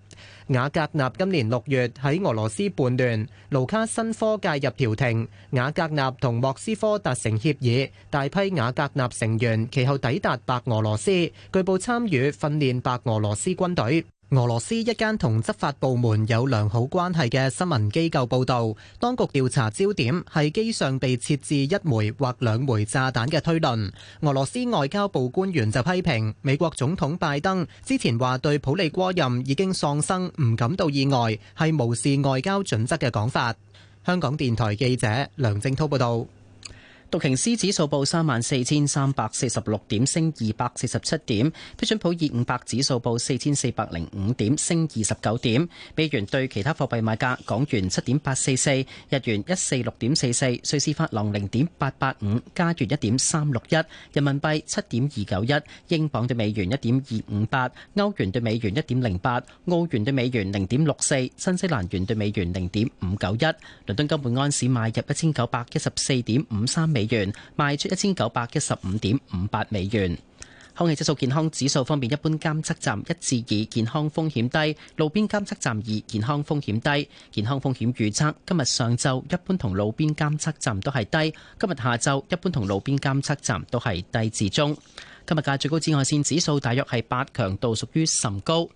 Speaker 2: 瓦格納今年六月喺俄羅斯叛亂，盧卡申科介入調停，瓦格納同莫斯科達成協議，大批瓦格納成員其後抵達白俄羅斯，據報參與訓練白俄羅斯軍隊。俄羅斯一間同執法部門有良好關係嘅新聞機構報導，當局調查焦點係機上被設置一枚或兩枚炸彈嘅推論。俄羅斯外交部官員就批評美國總統拜登之前話對普利戈任已經喪生唔感到意外，係無視外交準則嘅講法。香港電台記者梁正滔報導。道瓊斯指數報三萬四千
Speaker 12: 三百四十六點，升二百四十七點。標準普爾五百指數報四千四百零五點，升二十九點。美元對其他貨幣買價：港元七點八四四，日元一四六點四四，瑞士法郎零點八八五，加元一點三六一，人民幣七點二九一，英鎊對美元一點二五八，歐元對美元一點零八，澳元對美元零點六四，新西蘭元對美元零點五九一。倫敦金每安士買入一千九百一十四點五三美。美元賣出一千九百一十五點五八美元。空氣質素健康指數方面，一般監測站一至二健康風險低，路邊監測站二健康風險低。健康風險預測今日上晝一般同路邊監測站都係低，今日下晝一般同路邊監測站都係低至中。今日嘅最高紫外線指數大約係八，強度屬於甚高。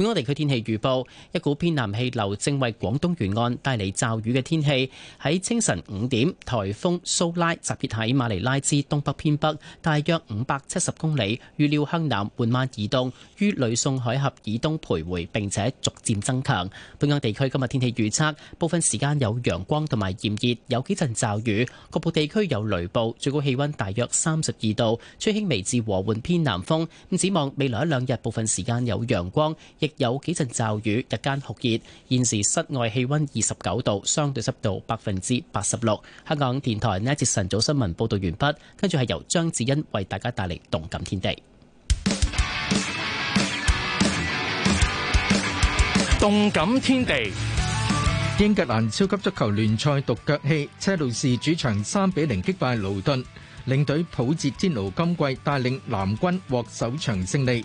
Speaker 12: 本港地區天氣預報：一股偏南氣流正為廣東沿岸帶嚟驟雨嘅天氣。喺清晨五點，颱風蘇拉集結喺馬尼拉至東北偏北，大約五百七十公里，預料向南緩慢移動，於呂宋海峽以東徘徊，並且逐漸增強。本港地區今日天氣預測：部分時間有陽光同埋炎熱，有幾陣驟雨，局部地區有雷暴。最高氣溫大約三十二度，吹輕微至和緩偏南風。咁展望未來一兩日，部分時間有陽光，亦，有幾陣驟雨，日間酷熱。現時室外氣溫二十九度，相對濕度百分之八十六。香港電台呢一節晨早新聞報道完畢，跟住係由張子
Speaker 14: 欣為大家帶嚟動感天地。動感天地，英格蘭超級足球聯賽獨腳戲，車路士主場三比零擊敗勞頓，領隊普捷天奴今季帶領藍軍獲首場勝利。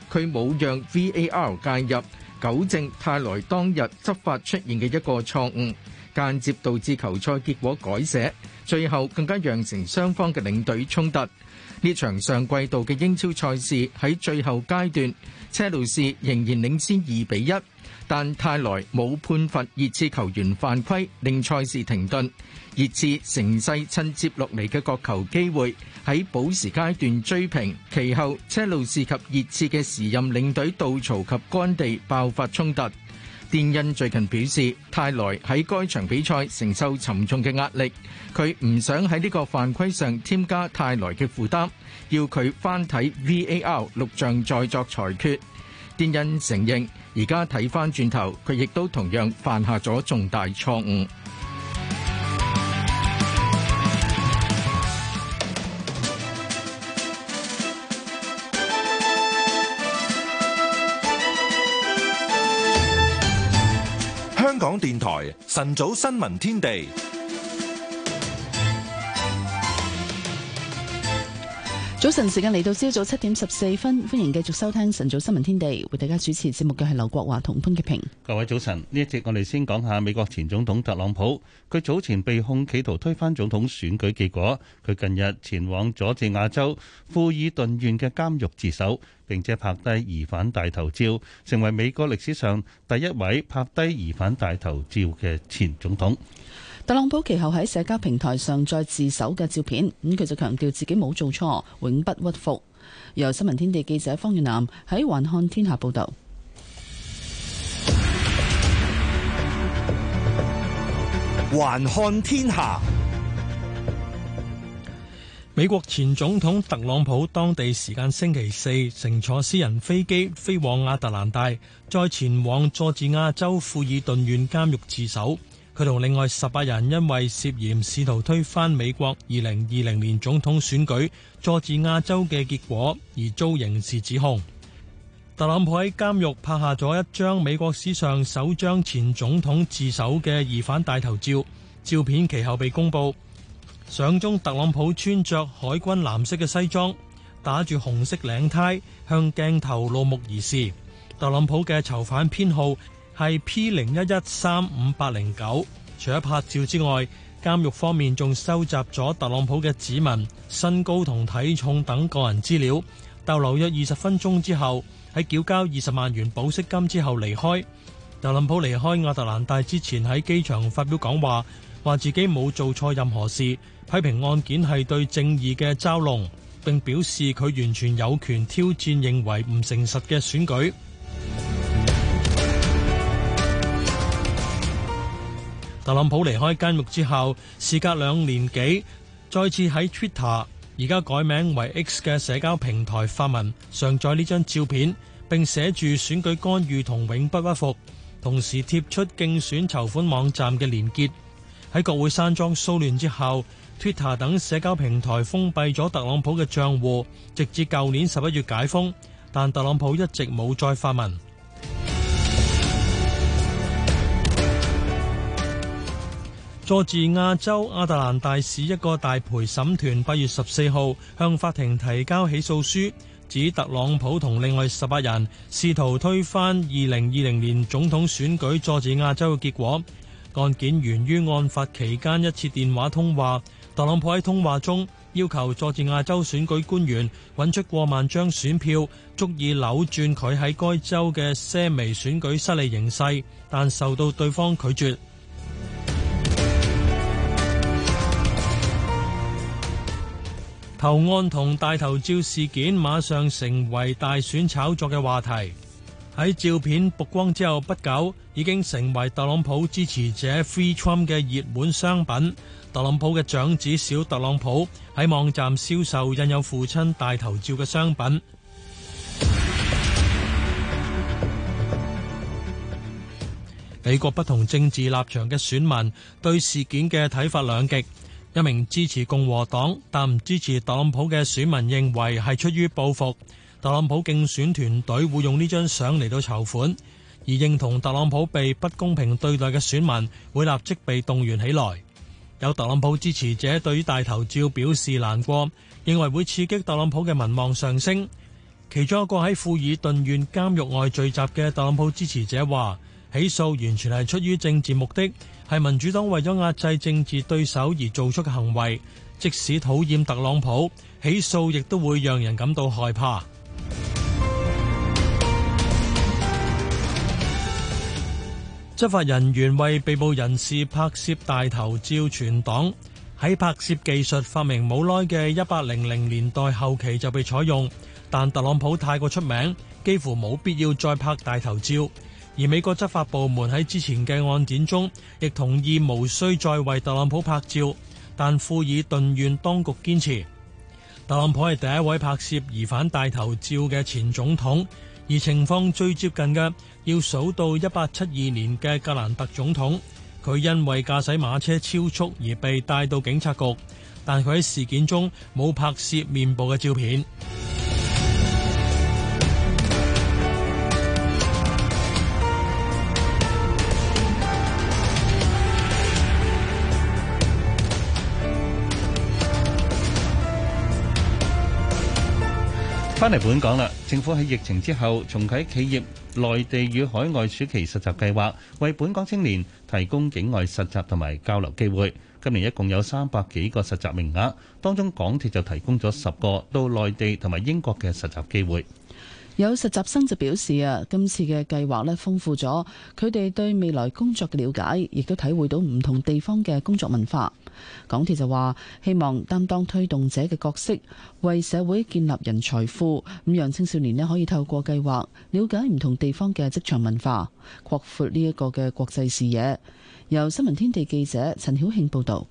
Speaker 14: 佢冇讓 VAR 介入，糾正泰來當日執法出現嘅一個錯誤，間接導致球賽結果改寫，最後更加釀成雙方嘅領隊衝突。呢場上季度嘅英超賽事喺最後階段，車路士仍然領先二比一，但泰來冇判罰熱刺球員犯規，令賽事停頓。熱刺成勢趁接落嚟嘅角球機會。喺補時階段追平，其後車路士及熱刺嘅時任領隊杜曹及干地爆發衝突。電恩最近表示，泰來喺該場比賽承受沉重嘅壓力，佢唔想喺呢個犯規上添加泰來嘅負擔，要佢翻睇 VAR 錄像再作裁決。電恩承認，而家睇翻轉頭，佢亦都同樣犯下咗重大錯誤。
Speaker 1: 香港電台晨早新聞天地。
Speaker 3: 早晨時間嚟到朝早七點十四分，歡迎繼續收聽晨早新聞天地，為大家主持節目嘅係劉國華同潘潔平。
Speaker 4: 各位早晨，呢一節我哋先講下美國前總統特朗普，佢早前被控企圖推翻總統選舉結果，佢近日前往佐治亞州富爾頓縣嘅監獄自首，並且拍低疑犯大頭照，成為美國歷史上第一位拍低疑犯大頭照嘅前總統。
Speaker 3: 特朗普其後喺社交平台上再自首嘅照片，咁佢就強調自己冇做錯，永不屈服。由新聞天地記者方月南喺《環看天下》報道。《環看
Speaker 15: 天下》美國前總統特朗普當地時間星期四乘坐私人飛機飛往亞特蘭大，再前往佐治亞州富爾頓縣監獄自首。佢同另外十八人因為涉嫌試圖推翻美國二零二零年總統選舉佐治亞州嘅結果而遭刑事指控。特朗普喺監獄拍下咗一張美國史上首張前總統自首嘅疑犯大頭照，照片其後被公布。相中特朗普穿着海軍藍色嘅西裝，打住紅色領呔，向鏡頭怒目而視。特朗普嘅囚犯編號，係 P 零一一三五八零九。除咗拍照之外，監獄方面仲收集咗特朗普嘅指紋、身高同體重等個人資料。逗留約二十分鐘之後，喺繳交二十萬元保釋金之後離開。特朗普離開亞特蘭大之前喺機場發表講話，話自己冇做錯任何事，批評案件係對正義嘅嘲弄，並表示佢完全有權挑戰認為唔誠實嘅選舉。特朗普離開監獄之後，事隔兩年幾，再次喺 Twitter 而家改名為 X 嘅社交平台發文，上載呢張照片，並寫住選舉干預同永不屈服，同時貼出競選籌款網站嘅連結。喺國會山莊騷亂之後，Twitter 等社交平台封閉咗特朗普嘅帳戶，直至舊年十一月解封，但特朗普一直冇再發文。佐治亞州亞特蘭大市一個大陪審團八月十四號向法庭提交起訴書，指特朗普同另外十八人試圖推翻二零二零年總統選舉佐治亞州嘅結果。案件源於案發期間一次電話通話，特朗普喺通話中要求佐治亞州選舉官員揾出過萬張選票，足以扭轉佢喺該州嘅些微選舉失利形勢，但受到對方拒絕。投案同大頭照事件馬上成為大選炒作嘅話題。喺照片曝光之後不久，已經成為特朗普支持者 Free Trump 嘅熱門商品。特朗普嘅長子小特朗普喺網站銷售印有父親大頭照嘅商品。 美國不同政治立場嘅選民對事件嘅睇法兩極。一名支持共和黨但唔支持特朗普嘅選民認為係出於報復，特朗普競選團隊會用呢張相嚟到籌款，而認同特朗普被不公平對待嘅選民會立即被動員起來。有特朗普支持者對於大頭照表示難過，認為會刺激特朗普嘅民望上升。其中一個喺富爾頓縣監獄外聚集嘅特朗普支持者話：起訴完全係出於政治目的。係民主黨為咗壓制政治對手而做出嘅行為，即使討厭特朗普，起訴亦都會讓人感到害怕。執 法人員為被捕人士拍攝大頭照存檔，喺拍攝技術發明冇耐嘅一八零零年代後期就被採用，但特朗普太過出名，幾乎冇必要再拍大頭照。而美國執法部門喺之前嘅案件中，亦同意無需再為特朗普拍照，但富爾頓縣當局堅持特朗普係第一位拍攝疑犯大頭照嘅前總統。而情況最接近嘅，要數到一八七二年嘅格蘭特總統，佢因為駕駛馬車超速而被帶到警察局，但佢喺事件中冇拍攝面部嘅照片。
Speaker 4: 翻嚟本港啦，政府喺疫情之後重啟企業內地與海外暑期實習計劃，為本港青年提供境外實習同埋交流機會。今年一共有三百幾個實習名額，當中港鐵就提供咗十個到內地同埋英國嘅實習機會。
Speaker 3: 有實習生就表示啊，今次嘅計劃呢，豐富咗佢哋對未來工作嘅了解，亦都體會到唔同地方嘅工作文化。港鐵就話希望擔當推動者嘅角色，為社會建立人才庫，咁讓青少年呢，可以透過計劃了解唔同地方嘅職場文化，擴闊呢一個嘅國際視野。由新聞天地記者陳曉慶報導。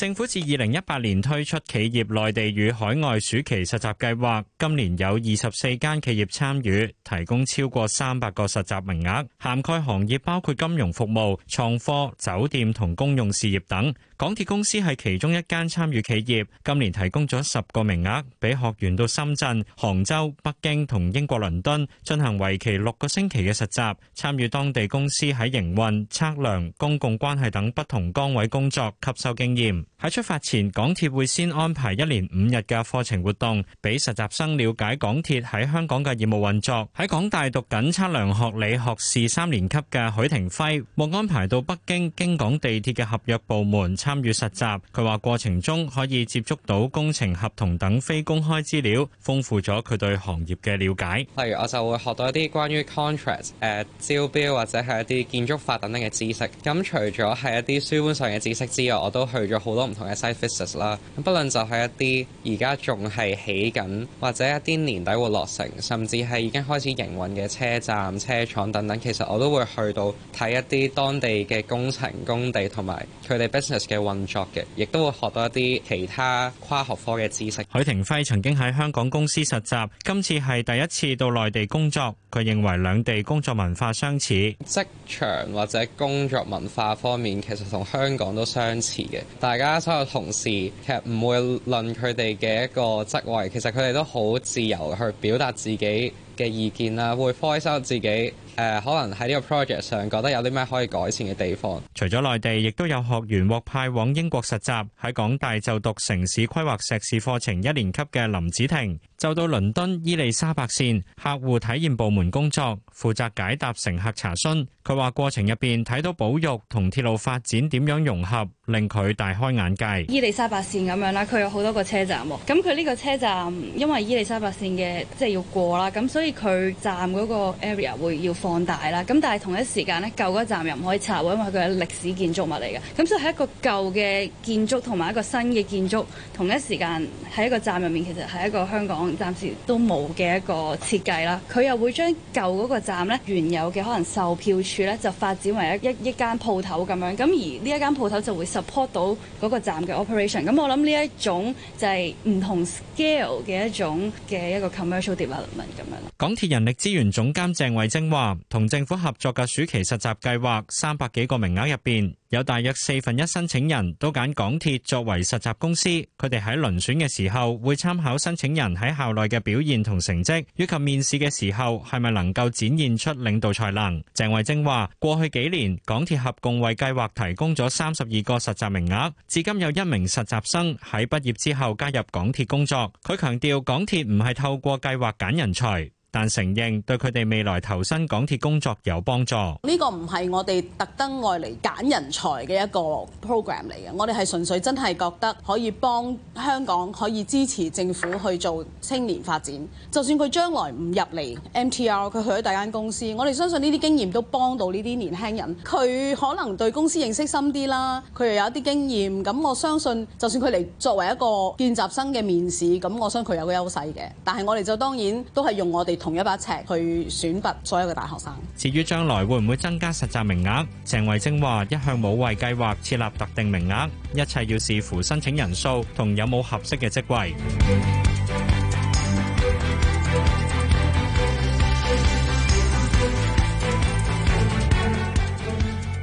Speaker 10: 政府自二零一八年推出企業內地與海外暑期實習計劃，今年有二十四間企業參與，提供超過三百個實習名額，涵蓋行業包括金融服務、創科、酒店同公用事業等。港鐵公司係其中一間參與企業，今年提供咗十個名額，俾學員到深圳、杭州、北京同英國倫敦進行為期六個星期嘅實習，參與當地公司喺營運、測量、公共關係等不同崗位工作，吸收經驗。喺出發前，港鐵會先安排一連五日嘅課程活動，俾實習生瞭解港鐵喺香港嘅業務運作。喺港大讀緊測量學理學士三年級嘅許廷輝，獲安排到北京京港地鐵嘅合約部門參與實習。佢話過程中可以接觸到工程合同等非公開資料，豐富咗佢對行業嘅瞭解。例如，我就會學到一啲關於 contract，誒，招標或者係一啲建築法等等嘅知識。咁除咗係一啲書本上嘅知識之外，我都去咗好多，都唔同嘅 side business 啦，咁不論就係一啲而家仲係起緊或者一啲年底會落成，甚至係已經開始營運嘅車站、車廠等等，其實我都會去到睇一啲當地嘅工程工地同埋佢哋 business 嘅運作嘅，亦都會學到一啲其他跨學科嘅知識。許廷輝曾經喺香港公司實習，今次係第一次到內地工作。佢認為兩地工作文化相似，職場或者工作文化方面其實同香港都相似嘅，但係而家所有同事其實唔會論佢哋嘅一個職位，其實佢哋都好自由去表達自己嘅意見啦，會開心自己。誒可能喺呢個 project 上覺得有啲咩可以改善嘅地方。除咗內地，亦都有學員獲派，派往英國實習。喺港大就讀城市規劃碩士課程一年級嘅林子婷，就到倫敦伊利沙白線客戶體驗部門工作，負責解答乘客查詢。佢話過程入邊睇到保育同鐵路發展點樣融合，令佢大開眼界。
Speaker 3: 伊利沙白線咁樣啦，佢有好多個車站喎。咁佢呢個車站因為伊利沙白線嘅即係要過啦，咁所以佢站嗰個 area 會要放。放大啦，咁但係同一時間咧，舊嗰站又唔可以拆，因為佢係歷史建築物嚟嘅。咁所以係一個舊嘅建築同埋一個新嘅建築同一時間喺一個站入面，其實係一個香港暫時都冇嘅一個設計啦。佢又會將舊嗰個站咧原有嘅可能售票處咧就發展為一一一間鋪頭咁樣。咁而呢一間鋪頭就會 support 到嗰個站嘅 operation。咁我諗呢一種就係唔同 scale 嘅一種嘅一個 commercial development 咁樣。
Speaker 10: 港鐵人力資源總監鄭慧晶話。同政府合作嘅暑期實習計劃，三百幾個名額入邊，有大約四分一申請人都揀港鐵作為實習公司。佢哋喺遴選嘅時候，會參考申請人喺校內嘅表現同成績，以及面試嘅時候係咪能夠展現出領導才能。鄭慧晶話：過去幾年，港鐵合共為計劃提供咗三十二個實習名額，至今有一名實習生喺畢業之後加入港鐵工作。佢強調，港鐵唔係透過計劃揀人才。但承認對佢哋未來投身港鐵工作有幫助。
Speaker 9: 呢個唔係我哋特登外嚟揀人才嘅一個 program 嚟嘅，我哋係純粹真係覺得可以幫香港，可以支持政府去做青年發展。就算佢將來唔入嚟 MTR，佢去咗第二間公司，我哋相信呢啲經驗都幫到呢啲年輕人。佢可能對公司認識深啲啦，佢又有一啲經驗。咁我相信，就算佢嚟作為一個見習生嘅面試，咁我相信佢有個優勢嘅。但係我哋就當然都係用我哋。同一把尺去選拔所有嘅大學生。
Speaker 10: 至於將來會唔會增加實習名額，鄭慧晶話一向冇為計劃設立特定名額，一切要視乎申請人數同有冇合適嘅職位。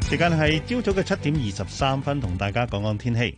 Speaker 4: 時間係朝早嘅七點二十三分，同大家講講天氣。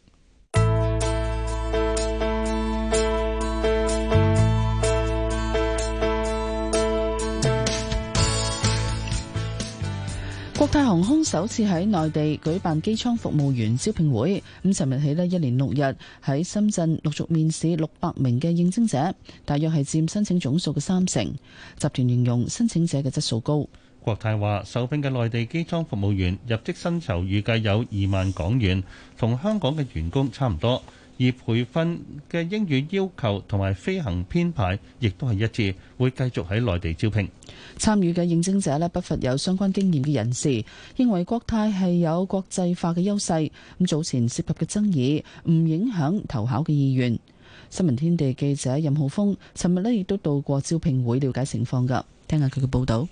Speaker 3: 國泰航空首次喺內地舉辦機艙服務員招聘會，咁尋日起呢一連六日喺深圳陸續面試六百名嘅應徵者，大約係佔申請總數嘅三成。集團形容申請者嘅質素高。
Speaker 4: 國泰話，首聘嘅內地機艙服務員入職薪酬預計有二萬港元，同香港嘅員工差唔多。而培訓嘅英語要求同埋飛行編排亦都係一致，會繼續喺內地招聘。
Speaker 3: 參與嘅應徵者呢不乏有相關經驗嘅人士，認為國泰係有國際化嘅優勢。咁早前涉及嘅爭議唔影響投考嘅意願。新聞天地記者任浩峰尋日呢亦都到過招聘會了解情況㗎，聽下佢嘅報導。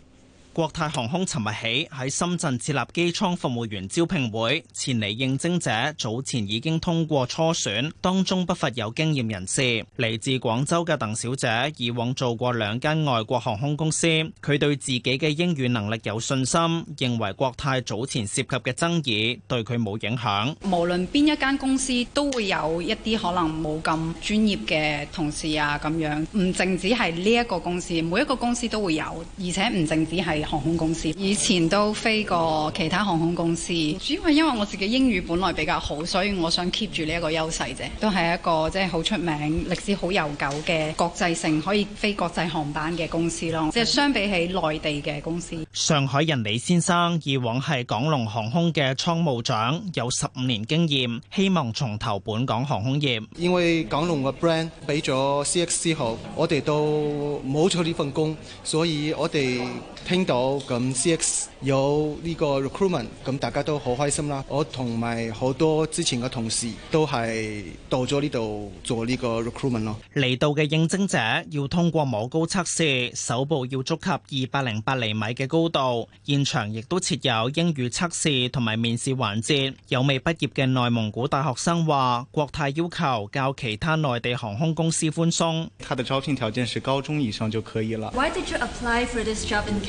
Speaker 16: 國泰航空尋日起喺深圳設立機艙服務員招聘會，前嚟應徵者早前已經通過初選，當中不乏有經驗人士。嚟自廣州嘅鄧小姐以往做過兩間外國航空公司，佢對自己嘅英語能力有信心，認為國泰早前涉及嘅爭議對佢冇影響。
Speaker 11: 無論邊一間
Speaker 15: 公司都會有一啲可能冇咁專業嘅同事啊，咁樣唔淨止係呢一個公司，每一個公司都會有，而且唔淨止係。航空公司以前都飛過其他航空公司，主要係因為我自己英語本來比較好，所以我想 keep 住呢一個優勢啫。都係一個即係好出名、歷史好悠久嘅國際性，可以飛國際航班嘅公司咯。即係相比起內地嘅公司。
Speaker 16: 上海人李先生以往係港龍航空嘅倉務長，有十五年經驗，希望重投本港航空業，
Speaker 2: 因為港龍嘅 brand 俾咗 CX 之後，我哋都冇咗呢份工，所以我哋。聽到咁 CX 有呢個 recruitment，咁大家都好開心啦！我同埋好多之前嘅同事都係到咗呢度做呢個 recruitment 咯。
Speaker 16: 嚟到嘅應徵者要通過摸高測試，手部要觸及二百零八厘米嘅高度。現場亦都設有英語測試同埋面試環節。有未畢業嘅內蒙古大學生話：國泰要求較其他內地航空公司寬鬆。他的招聘條件是高中以上就可以了。
Speaker 9: Why did you apply for this job in?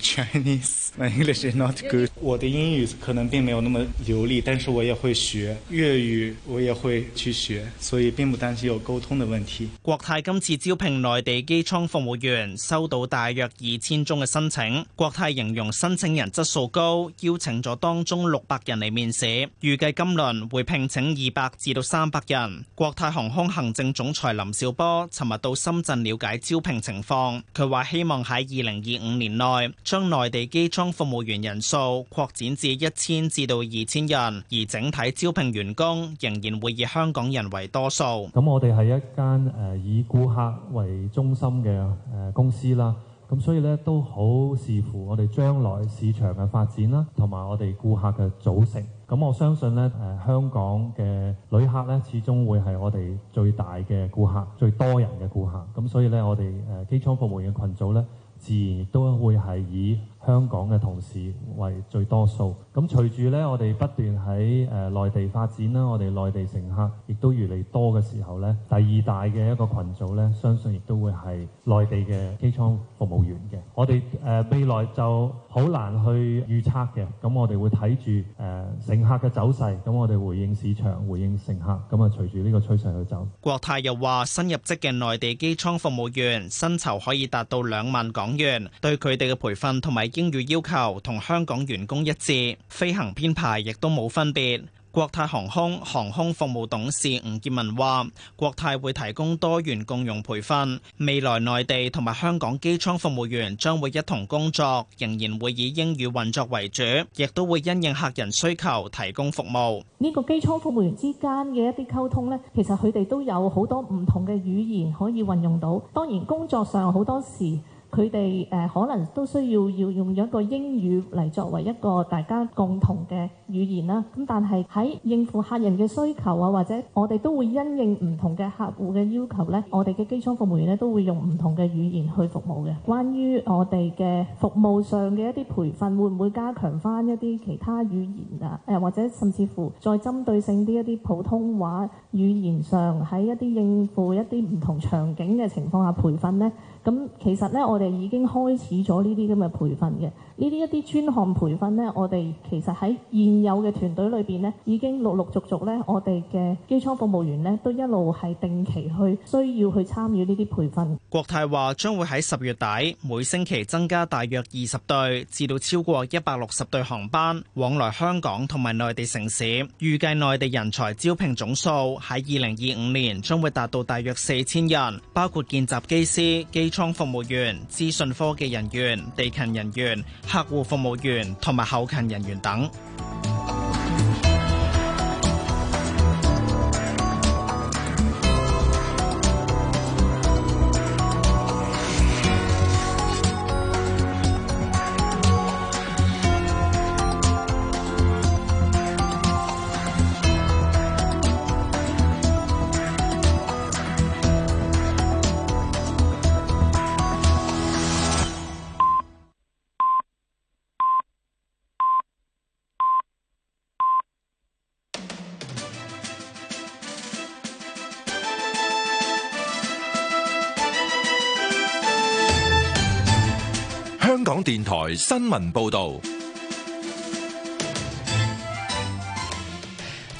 Speaker 16: Chinese. My English is not good。我的英語可能並沒有那麼流利，但是我也會學粵語，我也會去學，所以並不擔心有溝通的問題。國泰今次招聘內地機艙服務員，收到大約二千宗嘅申請。國泰形容申請人質素高，邀請咗當中六百人嚟面試，預計今輪會聘請二百至到三百人。國泰航空行政總裁林紹波尋日到深圳了解招聘情況，佢話希望喺二零二五年內，將內地機艙服務員人數擴展至一千至到二千人，而整體招聘員工仍然會以香港人為多數。
Speaker 15: 咁我哋係一間誒以顧客為中心嘅誒公司啦，咁所以咧都好視乎我哋將來市場嘅發展啦，同埋我哋顧客嘅組成。咁我相信咧誒香港嘅旅客咧始終會係我哋最大嘅顧客、最多人嘅顧客。咁所以咧我哋誒機艙服務員群組咧，自然亦都會係以香港嘅同事為最多數。咁隨住咧，我哋不斷喺誒內地發展啦，我哋內地乘客亦都越嚟越多嘅時候咧，第二大嘅一個群組咧，相信亦都會係內地嘅機艙服務員嘅。我哋誒、呃、未來就，好難去預測嘅，咁我哋會睇住誒乘客嘅走勢，咁我哋
Speaker 1: 回應市場，回應乘客，咁啊隨住呢個趨勢去走。
Speaker 16: 國泰又話，新入職嘅內地機艙服務員薪酬可以達到兩萬港元，對佢哋嘅培訓同埋英語要求同香港員工一致，飛行編排亦都冇分別。國泰航空航空服務董事吳建文話：國泰會提供多元共用培訓，未來內地同埋香港機艙服務員將會一同工作，仍然會以英語運作為主，亦都會因應客人需求提供服務。
Speaker 9: 呢個機艙服務員之間嘅一啲溝通呢，其實佢哋都有好多唔同嘅語言可以運用到。當然，工作上好多時。佢哋誒可能都需要要用一個英語嚟作為一個大家共同嘅語言啦。咁但係喺應付客人嘅需求啊，或者我哋都會因應唔同嘅客戶嘅要求咧，我哋嘅機艙服務員咧都會用唔同嘅語言去服務嘅。關於我哋嘅服務上嘅一啲培訓會唔會加強翻一啲其他語言啊？誒、呃，或者甚至乎再針對性啲一啲普通話語言上，喺一啲應付一啲唔同場景嘅情況下培訓咧？咁其實咧，我哋已經開始咗呢啲咁嘅培訓嘅。呢啲一啲專項培訓咧，我哋其實喺現有嘅團隊裏邊咧，已經陸陸續續咧，我哋嘅機艙服務員咧，都一路係定期去需要去參與呢啲培訓。
Speaker 16: 國泰話將會喺十月底每星期增加大約二十對，至到超過一百六十對航班往來香港同埋內地城市。預計內地人才招聘總數喺二零二五年將會達到大約四千人，包括見習機師機。倉服務員、資訊科技人員、地勤人員、客戶服務員同埋後勤人員等。
Speaker 1: 電台新聞報道。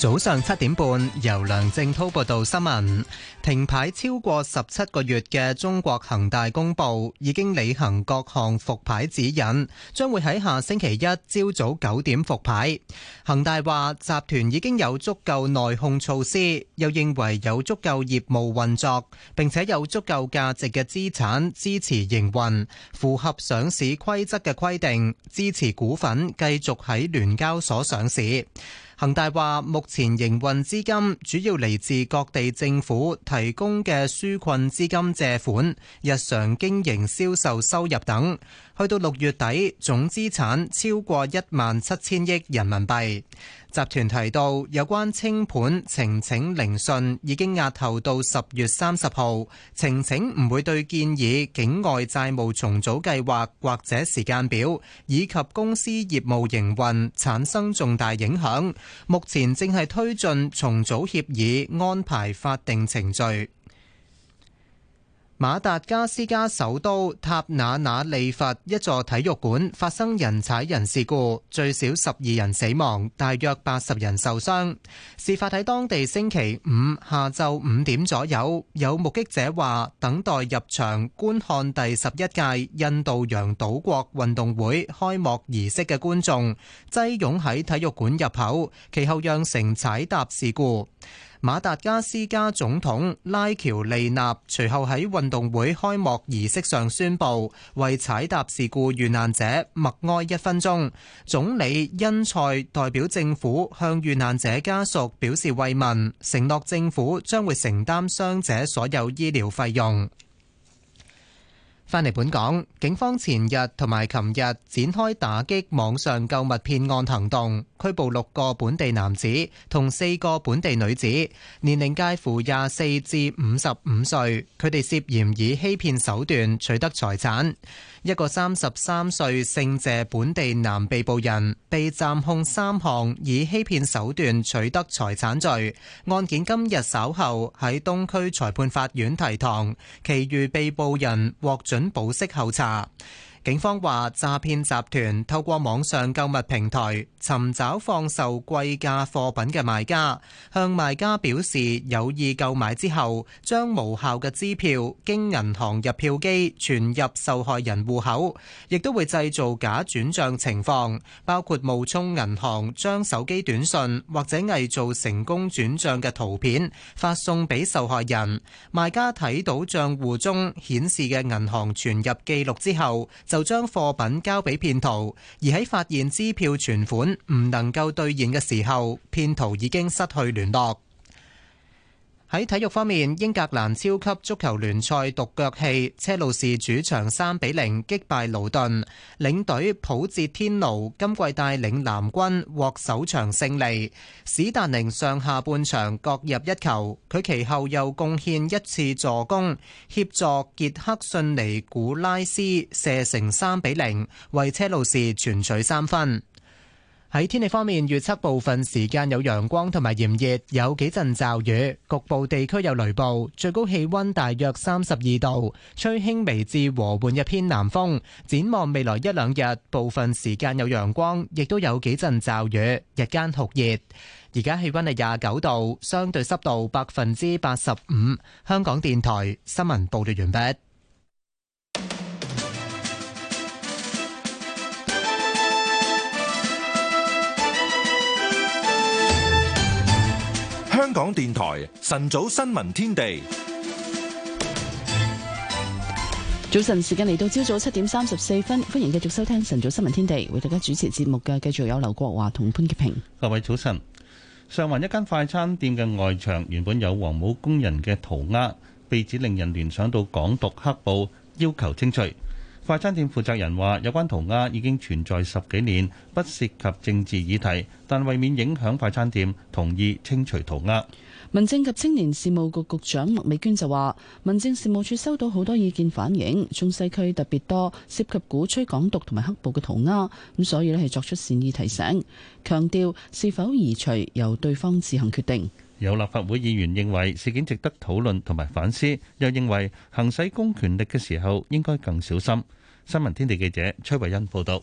Speaker 2: 早上七點半，由梁正濤報道新聞。停牌超過十七個月嘅中國恒大公佈，已經履行各項復牌指引，將會喺下星期一朝早九點復牌。恒大話，集團已經有足夠內控措施，又認為有足夠業務運作，並且有足夠價值嘅資產支持營運，符合上市規則嘅規定，支持股份繼續喺聯交所上市。恒大話：目前營運資金主要嚟自各地政府提供嘅紓困資金、借款、日常經營、銷售收入等。去到六月底，總資產超過一萬七千億人民幣。集團提到，有關清盤呈請聆訊已經押後到十月三十號。呈請唔會對建議境外債務重組計劃或者時間表，以及公司業務營運產生重大影響，目前正係推進重組協議安排法定程序。馬達加斯加首都塔那那利佛，一座體育館發生人踩人事故，最少十二人死亡，大約八十人受傷。事發喺當地星期五下晝五點左右，有目擊者話，等待入場觀看第十一屆印度洋島國運動會開幕儀式嘅觀眾擠擁喺體育館入口，其後釀成踩踏事故。馬達加斯加總統拉喬利納隨後喺運動會開幕儀式上宣布，為踩踏事故遇難者默哀一分鐘。總理恩塞代表政府向遇難者家屬表示慰問，承諾政府將會承擔傷者所有醫療費用。返嚟本港，警方前日同埋琴日展開打擊網上購物騙案行動，拘捕六個本地男子同四個本地女子，年齡介乎廿四至五十五歲，佢哋涉嫌以欺騙手段取得財產。一個三十三歲姓謝本地男被捕人被暫控三項以欺騙手段取得財產罪，案件今日稍後喺東區裁判法院提堂，其餘被捕人獲准保釋候查。警方話詐騙集團透過網上購物平台尋找放售貴價貨品嘅賣家，向賣家表示有意購買之後將無效嘅支票經銀行入票機存入受害人戶口，亦都會製造假轉賬情況，包括冒充銀行將手機短信或者偽造成功轉賬嘅圖片發送俾受害人。賣家睇到賬戶中顯示嘅銀行存入記錄之後。就將貨品交俾騙徒，而喺發現支票存款唔能夠兌現嘅時候，騙徒已經失去聯絡。喺體育方面，英格蘭超級足球聯賽獨腳器車路士主場三比零擊敗盧頓，領隊普捷天奴今季帶領藍軍獲首場勝利。史達寧上下半場各入一球，佢其後又貢獻一次助攻，協助傑克遜尼古拉斯射成三比零，為車路士全取三分。喺天氣方面，預測部分時間有陽光同埋炎熱，有幾陣驟雨，局部地區有雷暴，最高氣溫大約三十二度，吹輕微至和緩嘅偏南風。展望未來一兩日，部分時間有陽光，亦都有幾陣驟雨，日間酷熱。而家氣溫係廿九度，相對濕度百分之八十五。香港電台新聞報道完畢。
Speaker 1: 香港電台晨早新聞天地，
Speaker 3: 早晨時間嚟到朝早七點三十四分，歡迎繼續收聽晨早新聞天地，為大家主持節目嘅繼續有劉國華同潘潔平。
Speaker 4: 各位早晨。上環一間快餐店嘅外牆原本有黃母工人嘅塗鴉，被指令人聯想到港獨黑暴，要求清除。快餐店負責人話：有關塗鴉已經存在十幾年，不涉及政治議題，但為免影響快餐店，同意清除塗鴉。
Speaker 3: 民政及青年事務局局，局長麥美娟就話：民政事務處收到好多意見反映，中西區特別多涉及鼓吹港獨同埋黑暴嘅塗鴉，咁所以咧係作出善意提醒，強調是否移除由對方自
Speaker 4: 行決定。有立法會議員認為事件值得討論同埋反思，又認為行使公權力嘅時候應該更小心。新聞天地記者崔慧恩報道。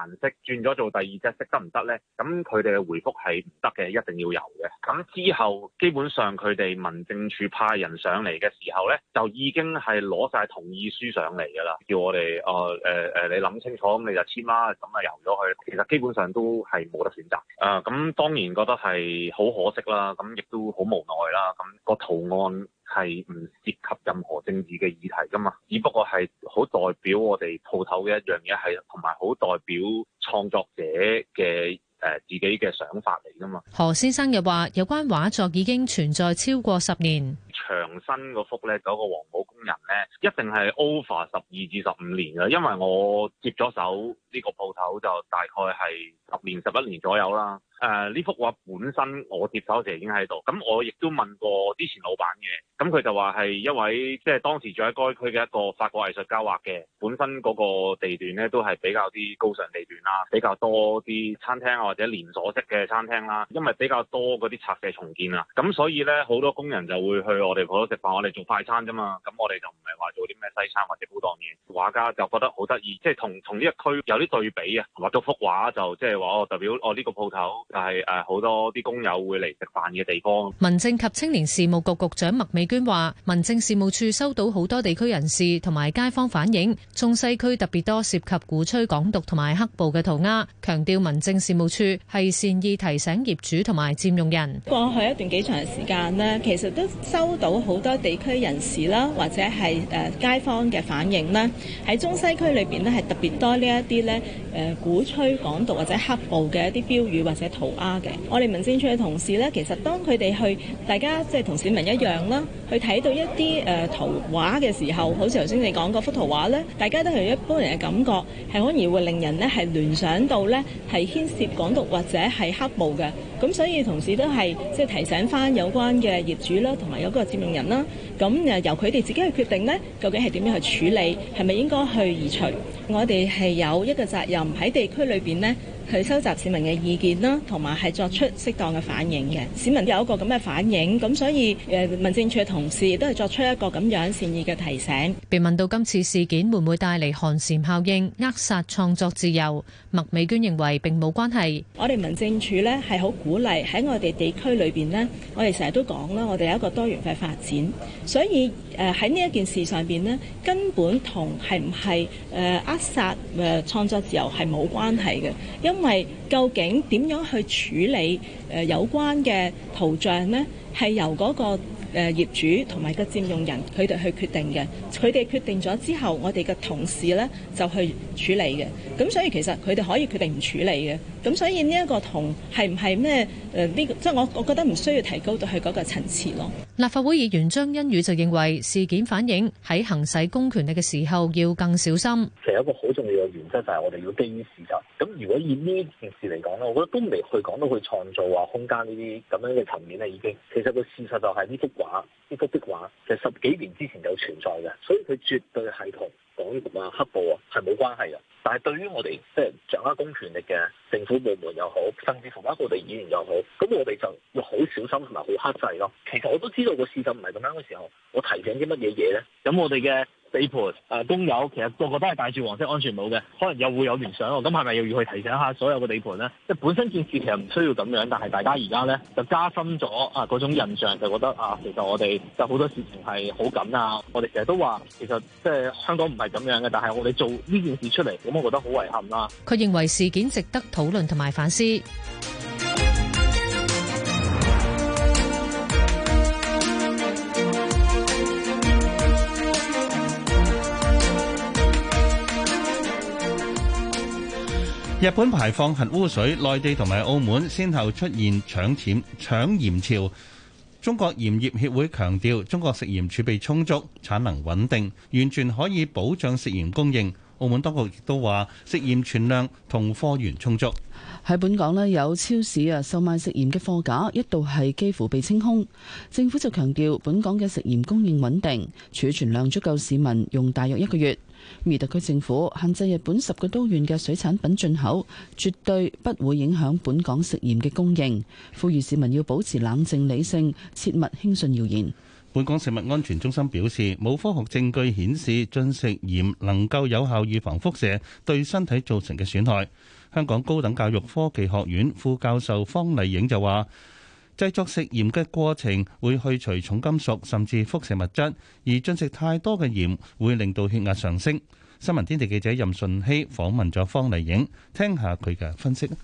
Speaker 7: 顏色轉咗做第二隻色得唔得呢？咁佢哋嘅回覆係唔得嘅，一定要油嘅。咁之後基本上佢哋民政處派人上嚟嘅時候呢，就已經係攞晒同意書上嚟㗎啦，叫我哋哦誒誒你諗清楚咁你就簽啦，咁啊油咗去。其實基本上都係冇得選擇。誒、呃、咁當然覺得係好可惜啦，咁亦都好無奈啦。咁、個圖案。係唔涉及任何政治嘅議題㗎嘛，只不過係好代表我哋鋪頭嘅一樣嘢，係同埋好代表創作者嘅誒、呃、自己嘅想法嚟㗎
Speaker 11: 嘛。何先生又話：有關畫作已經存在超過十年。
Speaker 7: 長新嗰幅咧，嗰、那個黃包工人咧，一定係 over 十二至十五年㗎，因為我接咗手呢、這個鋪頭就大概係十年十一年左右啦。誒、呃，呢幅畫本身我接手時已經喺度，咁我亦都問過之前老闆嘅，咁佢就話係一位即係、就是、當時住喺該區嘅一個法國藝術家畫嘅。本身嗰個地段咧都係比較啲高尚地段啦，比較多啲餐廳啊，或者連鎖式嘅餐廳啦，因為比較多嗰啲拆卸重建啦，咁所以咧好多工人就會去我哋好多食飯，我哋做快餐啫嘛。咁我哋就唔係話做啲咩西餐或者好檔嘢。畫家就覺得好得意，即係同同呢一區有啲對比啊。畫多幅畫就即係話，我代表我呢個鋪頭就係誒好多啲工友會嚟食飯嘅地方。
Speaker 11: 民政及青年事務局局長麥美娟話，民政事務處收到好多地區人士同埋街坊反映，中西區特別多涉及鼓吹港獨同埋黑暴嘅塗鴉，強調民政事務處係善意提醒業主同埋佔用人。過
Speaker 9: 去一段幾長嘅時間呢，其實都收。收到好多地區人士啦，或者係誒、呃、街坊嘅反應啦。喺中西區裏邊咧，係特別多呢一啲咧誒鼓吹港獨或者黑暴嘅一啲標語或者塗鴉嘅。我哋民政處嘅同事咧，其實當佢哋去大家即係同市民一樣啦。去睇到一啲誒、呃、圖畫嘅時候，好似頭先你講嗰幅圖畫呢，大家都係一般人嘅感覺，係反而會令人呢係聯想到呢係牽涉港獨或者係黑暴嘅。咁所以同時都係即係提醒返有關嘅業主啦，同埋有個佔用人啦。咁誒由佢哋自己去決定呢，究竟係點樣去處理，係咪應該去移除？我哋係有一個責任喺地區裏邊呢。佢收集市民嘅意見啦，同埋係作出適當嘅反應嘅。市民
Speaker 11: 有一個咁嘅反應，咁所以誒民政處嘅同事亦都係作出一個咁樣善意嘅提醒。被問到今次事件會唔會帶嚟寒蟬效應扼殺創作自由，麥美娟認為並冇關係，我哋民政處咧係好鼓勵喺我哋地區裏邊
Speaker 9: 咧，我哋成日都講啦，我哋有一個多元化發展，所以。誒喺呢一件事上邊呢，根本同係唔係誒扼殺誒創作自由係冇關係嘅，因為究竟點樣去處理誒有關嘅圖像呢？係由嗰個誒業主同埋個佔用人佢哋去決定嘅，佢哋決定咗之後，我哋嘅同事呢就去處理嘅。咁所以其實佢哋可以決定唔處理嘅。咁所以呢一個同係唔係咩誒呢？即係我我覺得唔需
Speaker 11: 要提高到去嗰個層次咯。立法會議員張欣宇就認為事件反映喺行使公權力嘅時候要更小心。
Speaker 7: 其實一個好重要嘅原則就係我哋要基於事實。咁如果以呢件事嚟講咧，我覺得都未去講到佢創造啊、空間呢啲咁樣嘅層面咧，已經其實個事實就係呢幅畫，呢幅壁畫就十幾年之前就存在嘅，所以佢絕對係同港獨啊、黑暴啊係冇關係嘅。但係對於我哋即係掌握公權力嘅政府部門又好，甚至乎我哋議員又好，咁我哋就要好小心同埋好克制咯。其實我都知道個事實唔係咁啱嘅時候，我提醒啲乜嘢嘢呢？咁我哋嘅。地盤啊，工友其實個個都係戴住黃色安全帽嘅，可能又會有聯想。咁係咪又要去提醒下所有嘅地盤咧？即係本身件事其實唔需要咁樣，但係大家而家咧就加深咗啊嗰種印象，就覺得啊，其實我哋有好多事情係好緊啊。我哋成日都話其實即係香港唔係咁樣嘅，但係我哋做呢件事出嚟，咁我覺得好遺憾啦。
Speaker 11: 佢認為事件值得討論同埋反思。
Speaker 4: 日本排放核污水，內地同埋澳門先後出現搶錢搶鹽潮。中國鹽業協會強調，中國食鹽儲備充足，產能穩定，完全可以保障食鹽供應。澳門當局亦都話，食鹽存量同貨源充足。
Speaker 3: 喺本港咧，有超市啊售賣食鹽嘅貨架一度係幾乎被清空。政府就強調，本港嘅食鹽供應穩定，儲存量足夠市民用大約一個月。而特區政府限制日本十個都縣嘅水產品進口，絕對不會影響本港食鹽嘅供應。呼籲市民要保持冷
Speaker 4: 靜理性，切勿輕信謠言。本港食物安全中心表示，冇科學證據顯示進食鹽能夠有效預防輻射對身體造成嘅損害。香港高等教育科技學院副教授方麗影就話。製作食鹽嘅過程會去除重金屬甚至輻射物質，而進食太多嘅鹽會令到血壓上升。新聞天地記者任順熙訪問咗方麗影，聽下佢嘅分析
Speaker 17: 啦。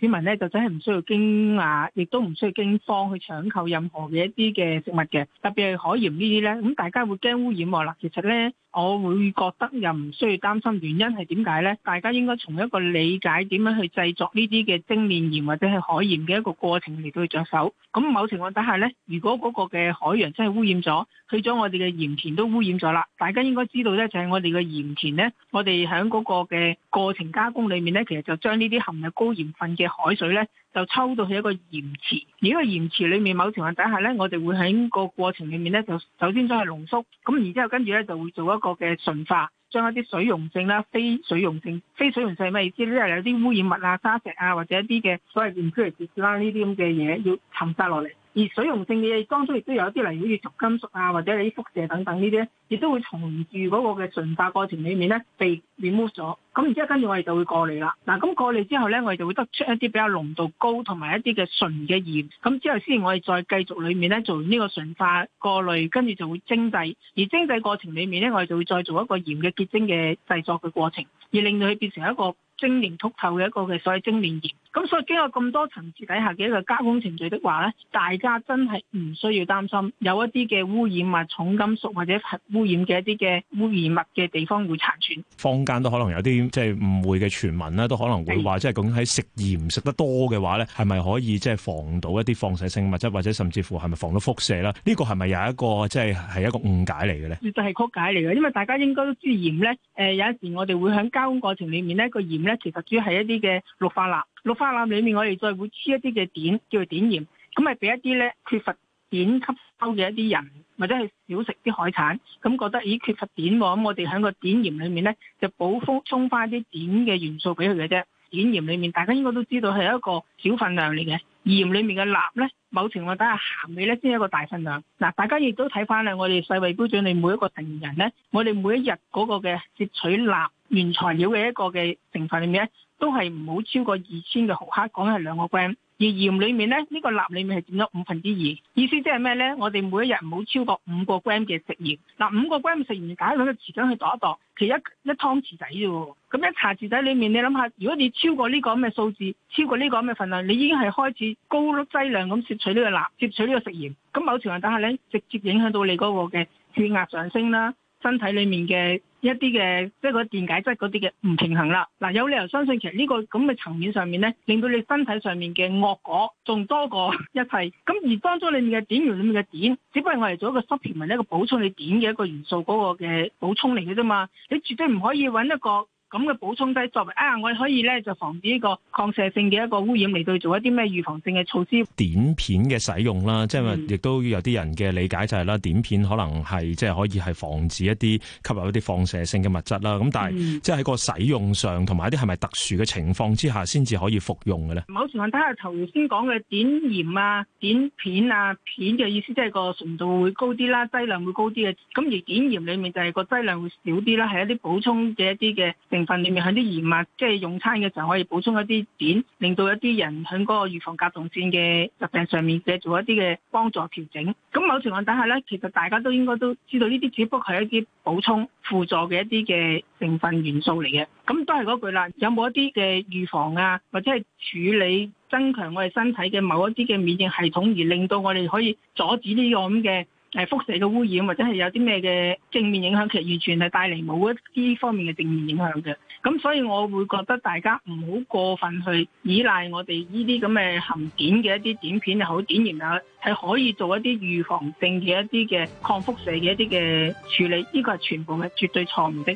Speaker 17: 市民呢就真係唔需要驚訝啊，亦都唔需要驚慌去搶購任何嘅一啲嘅食物嘅，特別係海鹽呢啲呢。咁大家會驚污染喎啦，其實呢。我會覺得又唔需要擔心，原因係點解呢？大家應該從一個理解點樣去製作呢啲嘅精煉鹽或者係海鹽嘅一個過程嚟到去着手。咁某情況底下呢，如果嗰個嘅海洋真係污染咗，去咗我哋嘅鹽田都污染咗啦。大家應該知道呢，就係我哋嘅鹽田呢。我哋喺嗰個嘅過程加工裡面呢，其實就將呢啲含有高鹽分嘅海水呢。就抽到係一個鹽池，而呢個鹽池裏面某情況底下咧，我哋會喺個過程裏面咧，就首先將佢濃縮，咁然之後跟住咧就會做一個嘅純化，將一啲水溶性啦、非水溶性、非水溶性係咩意思？呢啲係有啲污染物啊、砂石啊或者一啲嘅所謂 impurity 啦呢啲咁嘅嘢要沉晒落嚟。而水溶性嘅嘢，當中亦都有一啲，例如好似重金屬啊，或者你啲輻射等等呢啲，亦都會從住嗰個嘅純化過程裏面咧被 remove 咗。咁然之後，跟住我哋就會過濾啦。嗱，咁過濾之後咧，我哋就會得出一啲比較濃度高同埋一啲嘅純嘅鹽。咁之後先，我哋再繼續裏面咧做呢個純化過濾，跟住就會精製。而精製過程裏面咧，我哋就會再做一個鹽嘅結晶嘅製作嘅過程，而令到佢變成一個。晶瑩剔透嘅一個嘅所謂晶瑩鹽，咁所以經過咁多層次底下嘅一個加工程序的話咧，大家真係唔需要擔心，有一啲嘅污染物、重金屬或者污染嘅一啲嘅污染物嘅地方會殘存。
Speaker 7: 坊間都可能有啲即係誤會嘅傳聞啦，都可能會話的即係究竟喺食鹽食得多嘅話咧，係咪可以即係防到一啲放射性物質，或者甚至乎係咪防到輻射啦？呢、呢個係咪有一個即係係一個誤解嚟嘅咧？
Speaker 17: 絕對係曲解嚟嘅，因為大家應該都知鹽咧，誒、呃、有時我哋會喺加工過程裡面呢個鹽。咧，其實主要係一啲嘅氯化鈉，氯化鈉裏面我哋再會黐一啲嘅碘，叫做碘鹽，咁咪俾一啲咧缺乏碘吸收嘅一啲人，或者係少食啲海產，咁覺得咦缺乏碘喎，咁我哋喺個碘鹽裏面咧就補豐充翻啲碘嘅元素俾佢嘅啫。碘鹽裏面大家應該都知道係一個小份量嚟嘅，鹽裏面嘅鈉咧，某程度底下咸味咧先係一個大份量。嗱，大家亦都睇翻啦，我哋世衛標準你每一個成人咧，我哋每一日嗰個嘅攝取鈉。原材料嘅一個嘅成分裏面咧，都係唔好超過二千嘅毫克，講係兩個 gram。而鹽裏面咧，呢、這個鈉裏面係佔咗五分之二，意思即係咩咧？我哋每一日唔好超過五個 gram 嘅食鹽。嗱、呃，五個 gram 食鹽，大家攞個匙羹去度一度，其實一湯匙仔啫喎。咁一茶匙仔裏面，你諗下，如果你超過呢個咁嘅數字，超過呢個咁嘅份量，你已經係開始高劑量咁攝取呢個鈉，攝取呢個食鹽。咁某程度下咧，直接影響到你嗰個嘅血壓上升啦。身體裡面嘅一啲嘅，即係個電解質嗰啲嘅唔平衡啦。嗱、啊，有理由相信其實呢、這個咁嘅層面上面咧，令到你身體上面嘅惡果仲多過一切。咁而當中裡面嘅碘元素裡面嘅碘，只不過我係做一個 supplement 一個補充你碘嘅一個元素嗰個嘅補充嚟嘅啫嘛。你絕對唔可以揾一個。咁嘅補充劑作為啊，我哋可以咧就防止呢個放射性嘅一個污染嚟到做一啲咩預防性嘅措施。
Speaker 7: 碘片嘅使用啦，即係亦都有啲人嘅理解就係啦，碘片可能係即係可以係防止一啲吸入一啲放射性嘅物質啦。咁但係即係喺個使用上同埋一啲係咪特殊嘅情況之下先至可以服用嘅咧？
Speaker 17: 某情況睇下頭先講嘅碘鹽啊、碘片啊、片嘅意思，即係個純度會高啲啦，劑量會高啲嘅。咁而碘鹽裡面就係個劑量會少啲啦，係一啲補充嘅一啲嘅。成分裏面喺啲鹽物，即係用餐嘅時候可以補充一啲碘，令到一啲人喺嗰個預防甲狀腺嘅疾病上面嘅做一啲嘅幫助調整。咁某情況底下咧，其實大家都應該都知道呢啲，只不過係一啲補充輔助嘅一啲嘅成分元素嚟嘅。咁都係嗰句啦，有冇一啲嘅預防啊，或者係處理增強我哋身體嘅某一啲嘅免疫系統，而令到我哋可以阻止呢個咁嘅。係輻射嘅污染，或者係有啲咩嘅正面影響，其實完全係帶嚟冇一啲方面嘅正面影響嘅。咁所以我會覺得大家唔好過分去依賴我哋呢啲咁嘅含碘嘅一啲碘片又好碘鹽又好，係可以做一啲預防性嘅一啲嘅抗輻射嘅一啲嘅處理。呢個係全部係絕對錯誤的。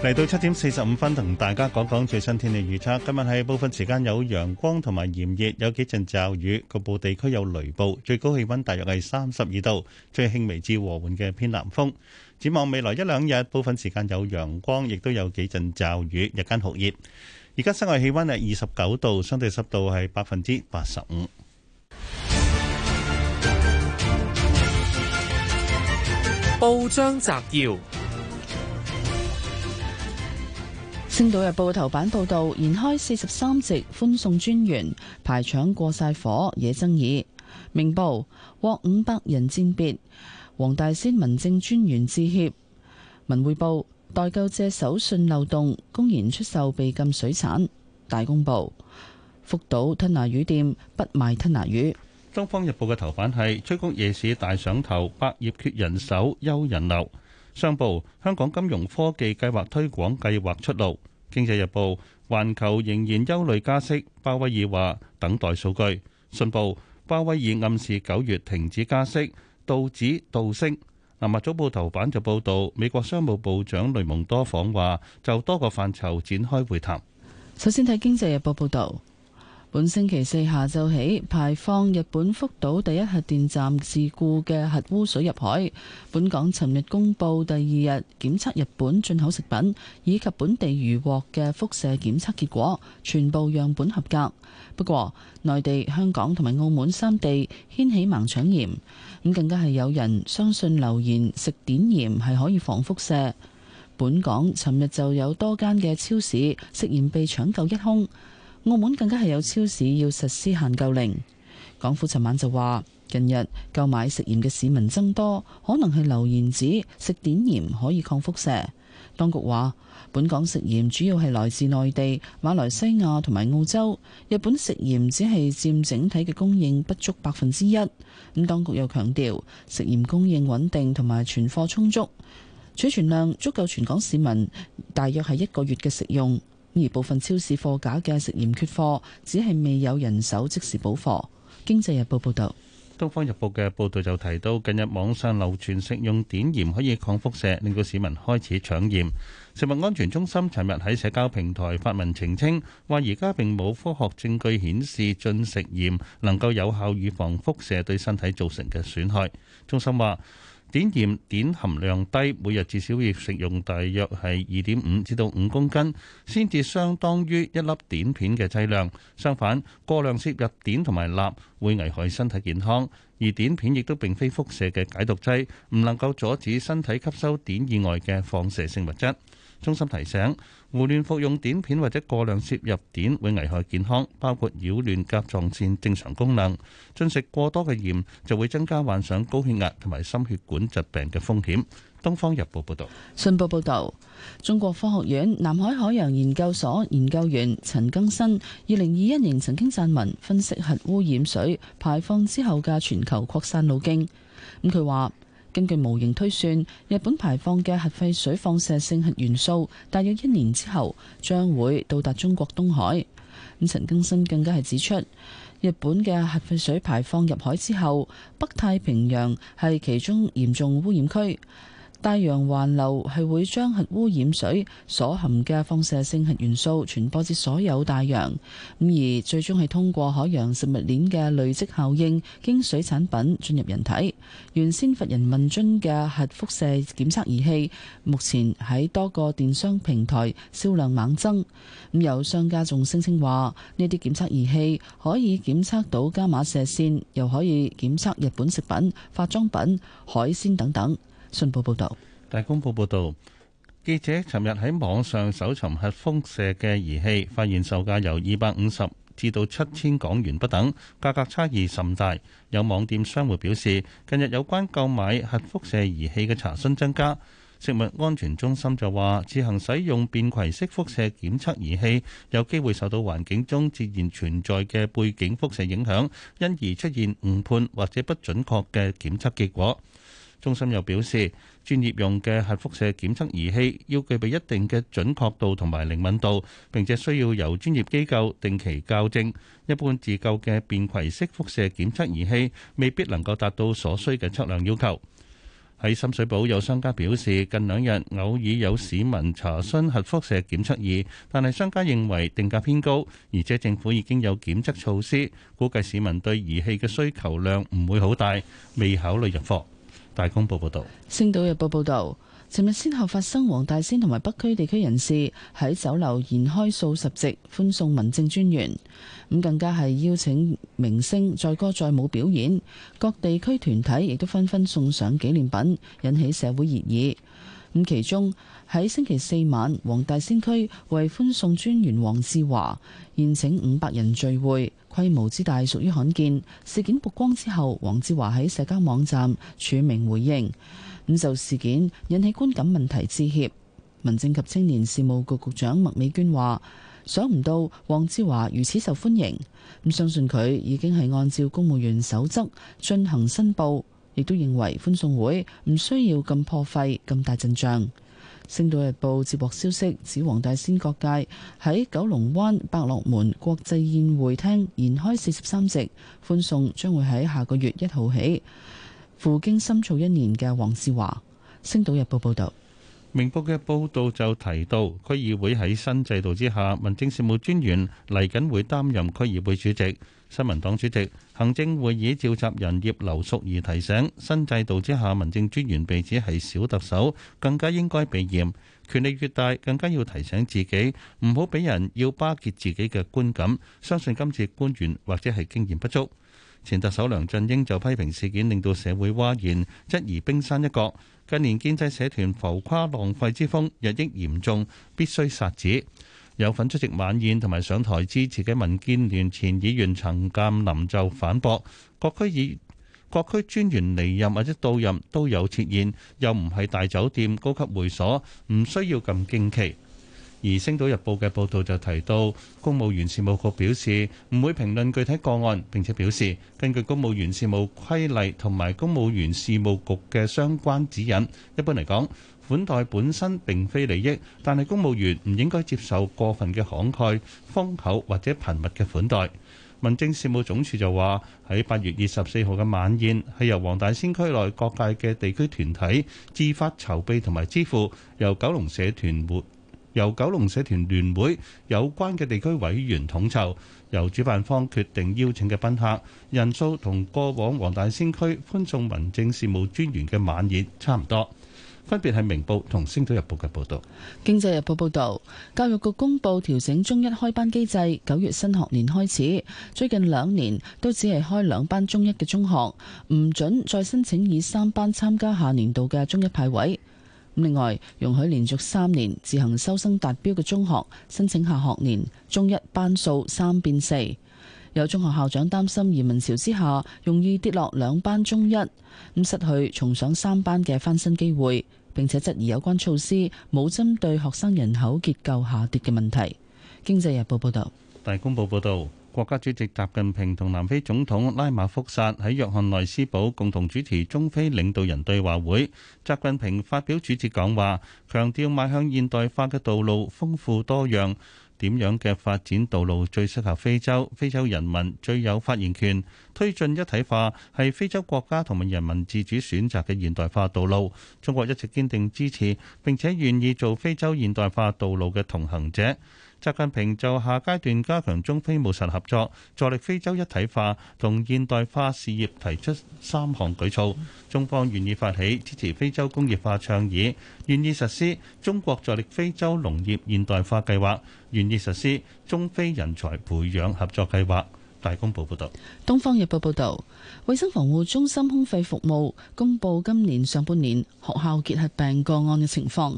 Speaker 4: 嚟到七點四十五分，同大家講講最新天氣預測。今日係部分時間有陽光同埋炎熱，有幾陣驟雨，局部地區有雷暴。最高氣溫大約係三十二度，最輕微至和緩嘅偏南風。展望未來一兩日，部分時間有陽光，亦都有幾陣驟雨，日間酷熱。而家室外氣溫係二十九度，相對濕度係百分之八十五。報章摘要。
Speaker 3: 星島日報頭版報道，延開四十三席，歡送專員排場過晒火，惹爭議。明報獲五百人餞別，黃大仙民政專員致歉。文匯報代購借手信漏洞，公然出售被禁水產。大公報福島吞拿魚店不賣吞拿魚。
Speaker 4: 東方日報嘅頭版係，催谷夜市大上頭，百業缺人手，休人流。商報，香港金融科技計劃推廣計劃出爐。經濟日報，環球仍然憂慮加息，鮑威爾話等待數據。信報，鮑威爾暗示九月停止加息，道指倒升。南亞早報頭版就報道美國商務部長雷蒙多訪華，就多個範疇展開會談。
Speaker 3: 首先睇經濟日報報道。本星期四下晝起排放日本福島第一核電站事故嘅核污水入海。本港尋日公布第二日檢測日本進口食品以及本地漁獲嘅輻射檢測結果，全部樣本合格。不過，內地、香港同埋澳門三地掀起盲搶鹽，咁更加係有人相信流言食碘鹽係可以防輻射。本港尋日就有多間嘅超市食鹽被搶購一空。澳門更加係有超市要實施限購令。港府尋晚就話，近日購買食鹽嘅市民增多，可能係流言指食碘鹽可以抗輻射。當局話，本港食鹽主要係來自內地、馬來西亞同埋澳洲，日本食鹽只係佔整體嘅供應不足百分之一。咁當局又強調，食鹽供應穩定同埋存貨充足，儲存量足夠全港市民大約係一個月嘅食用。而部分超市貨架嘅食鹽缺貨，只係未有人手即時補貨。經濟日報報導，
Speaker 4: 東方日報嘅報導就提到，近日網上流傳食用碘鹽可以抗輻射，令到市民開始搶鹽。食物安全中心尋日喺社交平台發文澄清，話而家並冇科學證據顯示進食鹽能夠有效預防輻射對身體造成嘅損害。中心話，碘鹽碘含量低，每日至少要食用大約係二點五至到五公斤，先至相當於一粒碘片嘅劑量。相反，過量攝入碘同埋鈉會危害身體健康。而碘片亦都並非輻射嘅解毒劑，唔能夠阻止身體吸收碘以外嘅放射性物質。中心提醒，胡亂服用碘片，或者過量攝入碘會危害健康，包括擾亂甲狀腺正常功能。進食過多嘅鹽就會增加患上高血壓同埋心血管疾病嘅風險，東方日報報道。
Speaker 3: 信報報道，中國科學院南海海洋研究所研究員陳更新，二零二一年曾經撰文分析核污染水排放之後嘅全球擴散路徑，咁佢話。根據模型推算，日本排放嘅核廢水放射性核元素，大約一年之後將會到達中國東海。咁陳更新更加係指出，日本嘅核廢水排放入海之後，北太平洋係其中嚴重污染區。大洋環流係會將核污染水所含嘅放射性核元素傳播至所有大洋，咁而最終係通過海洋食物鏈嘅累積效應，經水產品進入人體。原先乏人問津嘅核輻射檢測儀器，目前喺多個電商平台銷量猛增。咁有商家仲聲稱話，呢啲檢測儀器可以檢測到伽馬射線，又可以檢測日本食品、化妝品、海鮮等等。信報報導，
Speaker 4: 大公報報導，記者尋日喺網上搜尋核輻射嘅儀器，發現售價由二百五十至到七千港元不等，價格差異甚大。有網店商戶表示，近日有關購買核輻射儀器嘅查詢增加。食物安全中心就話，自行使用便攜式輻射檢測儀器，有機會受到環境中自然存在嘅背景輻射影響，因而出現誤判或者不準確嘅檢測結果。中心又表示，專業用嘅核輻射檢測儀器要具備一定嘅準確度同埋靈敏度，並且需要由專業機構定期校正。一般自購嘅便携式輻射檢測儀器未必能夠達到所需嘅測量要求。喺深水埗有商家表示，近兩日偶爾有市民查詢核輻射檢測儀，但係商家認為定價偏高，而且政府已經有檢測措施，估計市民對儀器嘅需求量唔會好大，未考慮入貨。大公報報道，
Speaker 3: 《星島日報》報道，尋日先後發生黃大仙同埋北區地區人士喺酒樓筵開數十席，歡送民政專員，咁更加係邀請明星載歌載舞表演，各地區團體亦都紛紛送上紀念品，引起社會熱議。咁其中喺星期四晚，黃大仙區為歡送專員黃志華，宴請五百人聚會。規模之大屬於罕見。事件曝光之後，黃志華喺社交網站署名回應，咁就事件引起觀感問題致歉。民政及青年事務局局局長麥美娟話：想唔到黃志華如此受歡迎，咁相信佢已經係按照公務員守則進行申報，亦都認為歡送會唔需要咁破費、咁大陣仗。《星島日報》接獲消息，指黃大仙各界喺九龍灣百樂門國際宴會廳延開四十三席，歡送將會喺下個月一號起，赴京深造一年嘅黃志華。《星島日報》報道。
Speaker 4: 明報嘅報道就提到，區議會喺新制度之下，民政事務專員嚟緊會擔任區議會主席。新民黨主席行政會議召集人葉劉淑儀提醒，新制度之下，民政專員被指係小特首，更加應該避嫌。權力越大，更加要提醒自己唔好俾人要巴結自己嘅觀感。相信今次官員或者係經驗不足。前特首梁振英就批評事件令到社會嘩然，質疑冰山一角。近年建制社團浮誇浪費之風日益嚴重，必須殺止。有份出席晚宴同埋上台支持嘅民建聯前議員陳鑑林就反駁，各區議各區專員離任或者到任都有設宴，又唔係大酒店高級會所，唔需要咁驚奇。而《星島日報》嘅報導就提到，公務員事務局表示唔會評論具體個案，並且表示根據公務員事務規例同埋公務員事務局嘅相關指引，一般嚟講款待本身並非利益，但係公務員唔應該接受過分嘅慷慨、豐厚或者頻密嘅款待。民政事務總署就話喺八月二十四號嘅晚宴係由黃大仙區內各界嘅地區團體自發籌備同埋支付，由九龍社團活。由九龍社團聯會有關嘅地區委員統籌，由主辦方決定邀請嘅賓客人數，同過往黃大仙區歡送民政事務專員嘅晚宴差唔多。分別係明報同《星島日報》嘅報道。
Speaker 3: 《經濟日報》報道，教育局公布調整中一開班機制，九月新學年開始，最近兩年都只係開兩班中一嘅中學，唔准再申請以三班參加下年度嘅中一派位。另外，容許連續三年自行收生達標嘅中學申請下學年中一班數三變四，有中學校長擔心移民潮之下容易跌落兩班中一，咁失去重上三班嘅翻身機會，並且質疑有關措施冇針對學生人口結構下跌嘅問題。經濟日報報道。
Speaker 4: 大公報報導。國家主席習近平同南非總統拉馬福薩喺約翰內斯堡共同主持中非領導人對話會。習近平發表主旨講話，強調邁向現代化嘅道路豐富多樣，點樣嘅發展道路最適合非洲？非洲人民最有發言權。推進一體化係非洲國家同埋人民自主選擇嘅現代化道路。中國一直堅定支持，並且願意做非洲現代化道路嘅同行者。習近平就下階段加強中非務實合作、助力非洲一體化同現代化事業提出三項舉措。中方願意發起支持非洲工業化倡議，願意實施中國助力非洲農業現代化計劃，願意實施中非人才培養合作計劃。大公報報道，
Speaker 3: 東方日報報道，衛生防護中心胸肺服務公布今年上半年學校結核病個案嘅情況。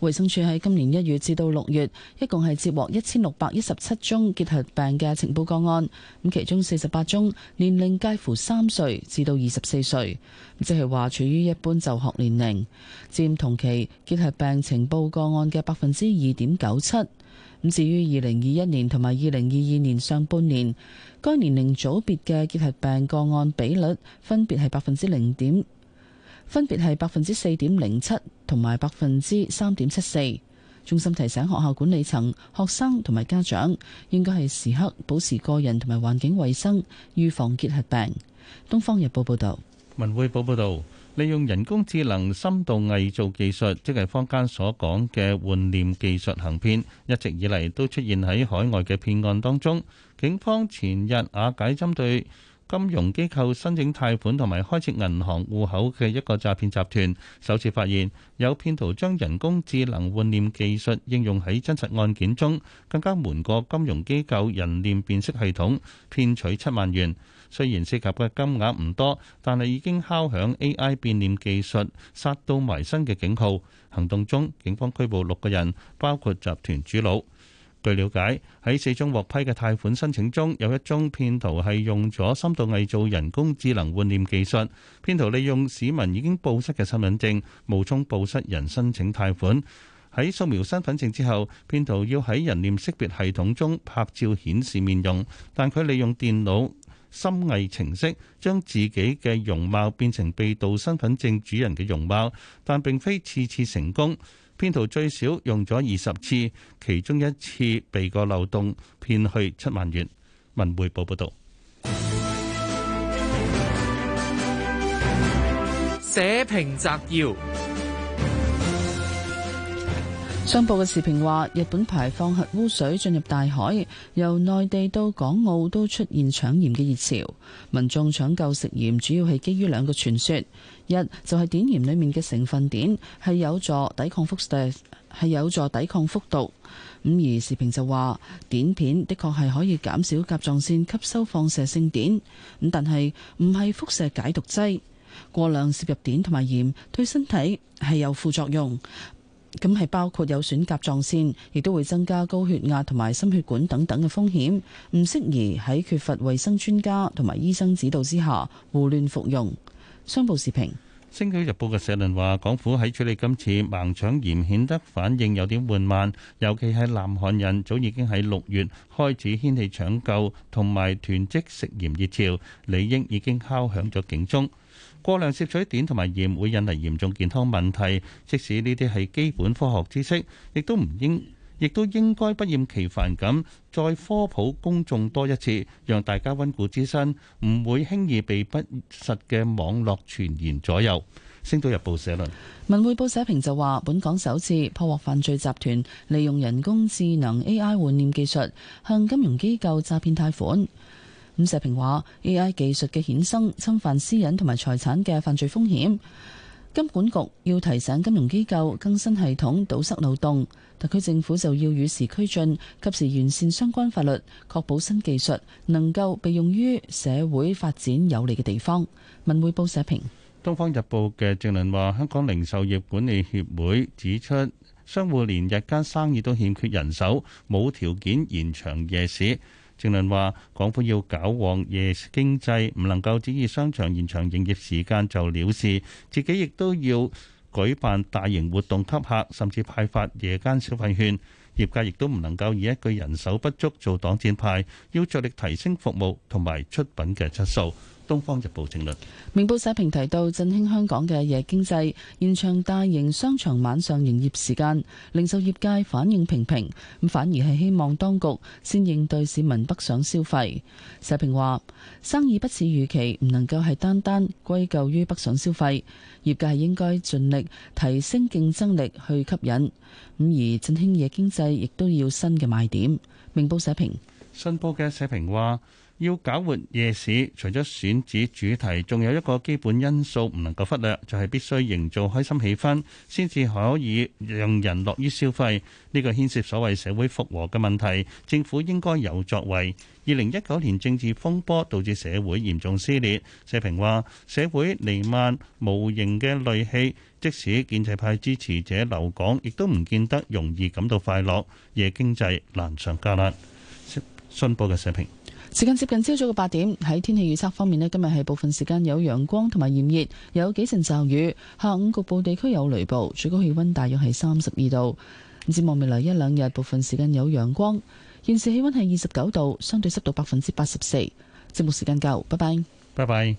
Speaker 3: 衛生署喺今年一月至到六月，一共係接獲一千六百一十七宗結核病嘅呈報個案，咁其中四十八宗年齡介乎三歲至到二十四歲，即係話處於一般就學年齡，佔同期結核病呈報個案嘅百分之二點九七。咁至於二零二一年同埋二零二二年上半年，該年齡組別嘅結核病個案比率分別係百分之零點，分別係百分之四點零七同埋百分之三點七四。中心提醒學校管理層、學生同埋家長，應該係時刻保持個人同埋環境衛生，預防結核病。《東方日報》報道。
Speaker 4: 《文匯報》報導。利用人工智能深度偽造技術，即係坊間所講嘅換臉技術行騙，一直以嚟都出現喺海外嘅騙案當中。警方前日瓦解針對金融機構申請貸款同埋開設銀行戶口嘅一個詐騙集團，首次發現有騙徒將人工智能換臉技術應用喺真實案件中，更加瞞過金融機構人臉辨識系統，騙取七萬元。雖然涉及嘅金額唔多，但係已經敲響 AI 變臉技術殺到埋身嘅警號。行動中，警方拘捕六個人，包括集團主腦。據了解，喺四宗獲批嘅貸款申請中，有一宗騙徒係用咗深度偽造人工智能換臉技術。騙徒利用市民已經報失嘅身份證，冒充報失人申請貸款。喺掃描身份證之後，騙徒要喺人臉識別系統中拍照顯示面容，但佢利用電腦，心藝程式，將自己嘅容貌變成被盜身份證主人嘅容貌，但並非次次成功。騙徒最少用咗二十次，其中一次被個漏洞騙去七萬元。文匯報報道。
Speaker 3: 社評摘要。上報嘅視頻話，日本排放核污水進入大海，由內地到港澳都出現搶鹽嘅熱潮。民眾搶救食鹽，主要係基於兩個傳說，一就係碘鹽裡面嘅成分碘係有助抵抗輻射，係有助抵抗輻毒。咁而視頻就話，碘片的確係可以減少甲狀腺吸收放射性碘，咁但係唔係輻射解毒劑。過量攝入碘同埋鹽對身體係有副作用。咁係包括有損甲狀腺，亦都會增加高血壓同埋心血管等等嘅風險，唔適宜喺缺乏衞生專家同埋醫生指導之下胡亂服用。商報時評，
Speaker 4: 《星島日報》嘅社論話，港府喺處理今次盲搶鹽顯得反應有點緩慢，尤其係南韓人早已經喺六月開始掀起搶購同埋囤積食鹽熱潮，理應已經敲響咗警鐘。過量攝取碘同埋鹽會引嚟嚴重健康問題，即使呢啲係基本科學知識，亦都唔應，亦都應該不厭其煩咁再科普公眾多一次，讓大家溫故知新，唔會輕易被不實嘅網絡傳言左右。星島日報社論，
Speaker 3: 文匯報社評就話：本港首次破獲犯罪集團利用人工智能 AI 換臉技術向金融機構詐騙貸，貸款。伍社評話：A.I. 技術嘅衍生侵犯私隱同埋財產嘅犯罪風險，金管局要提醒金融機構更新系統，堵塞漏洞。特區政府就要與時俱進，及時完善相關法律，確保新技術能夠被用於社會發展有利嘅地方。文匯報社評，
Speaker 4: 《東方日報》嘅正論話：香港零售業管理協會指出，商戶連日間生意都欠缺人手，冇條件延長夜市。鄭論話，港府要搞旺夜經濟，唔能夠只以商場延長營業時間就了事，自己亦都要舉辦大型活動吸客，甚至派發夜間消費券。業界亦都唔能夠以一句人手不足做擋箭牌，要着力提升服務同埋出品嘅質素。東方日報政論。
Speaker 3: 明報社評提到，振興香港嘅夜經濟，延長大型商場晚上營業時間，零售業界反應平平，咁反而係希望當局先應對市民北上消費。社評話生意不似預期，唔能夠係單單歸咎於北上消費，業界係應該盡力提升競爭力去吸引。咁而振興夜經濟亦都要新嘅賣點。明報社評，
Speaker 4: 新報嘅社評話。要搞活夜市，除咗選址主題，仲有一個基本因素唔能夠忽略，就係必須營造開心氣氛，先至可以讓人樂於消費。呢個牽涉所謂社會復和嘅問題，政府應該有作為。二零一九年政治風波導致社會嚴重撕裂，社評話社會瀰漫無形嘅戾氣，即使建制派支持者留港，亦都唔見得容易感到快樂。夜經濟難上加難。新報嘅社評。
Speaker 3: 時間接近朝早嘅八點，喺天氣預測方面咧，今日係部分時間有陽光同埋炎熱，有幾陣驟雨。下午局部地區有雷暴，最高氣溫大約係三十二度。展望未來一兩日，部分時間有陽光。現時氣溫係二十九度，相對濕度百分之八十四。節目時間夠，拜拜。
Speaker 4: 拜拜。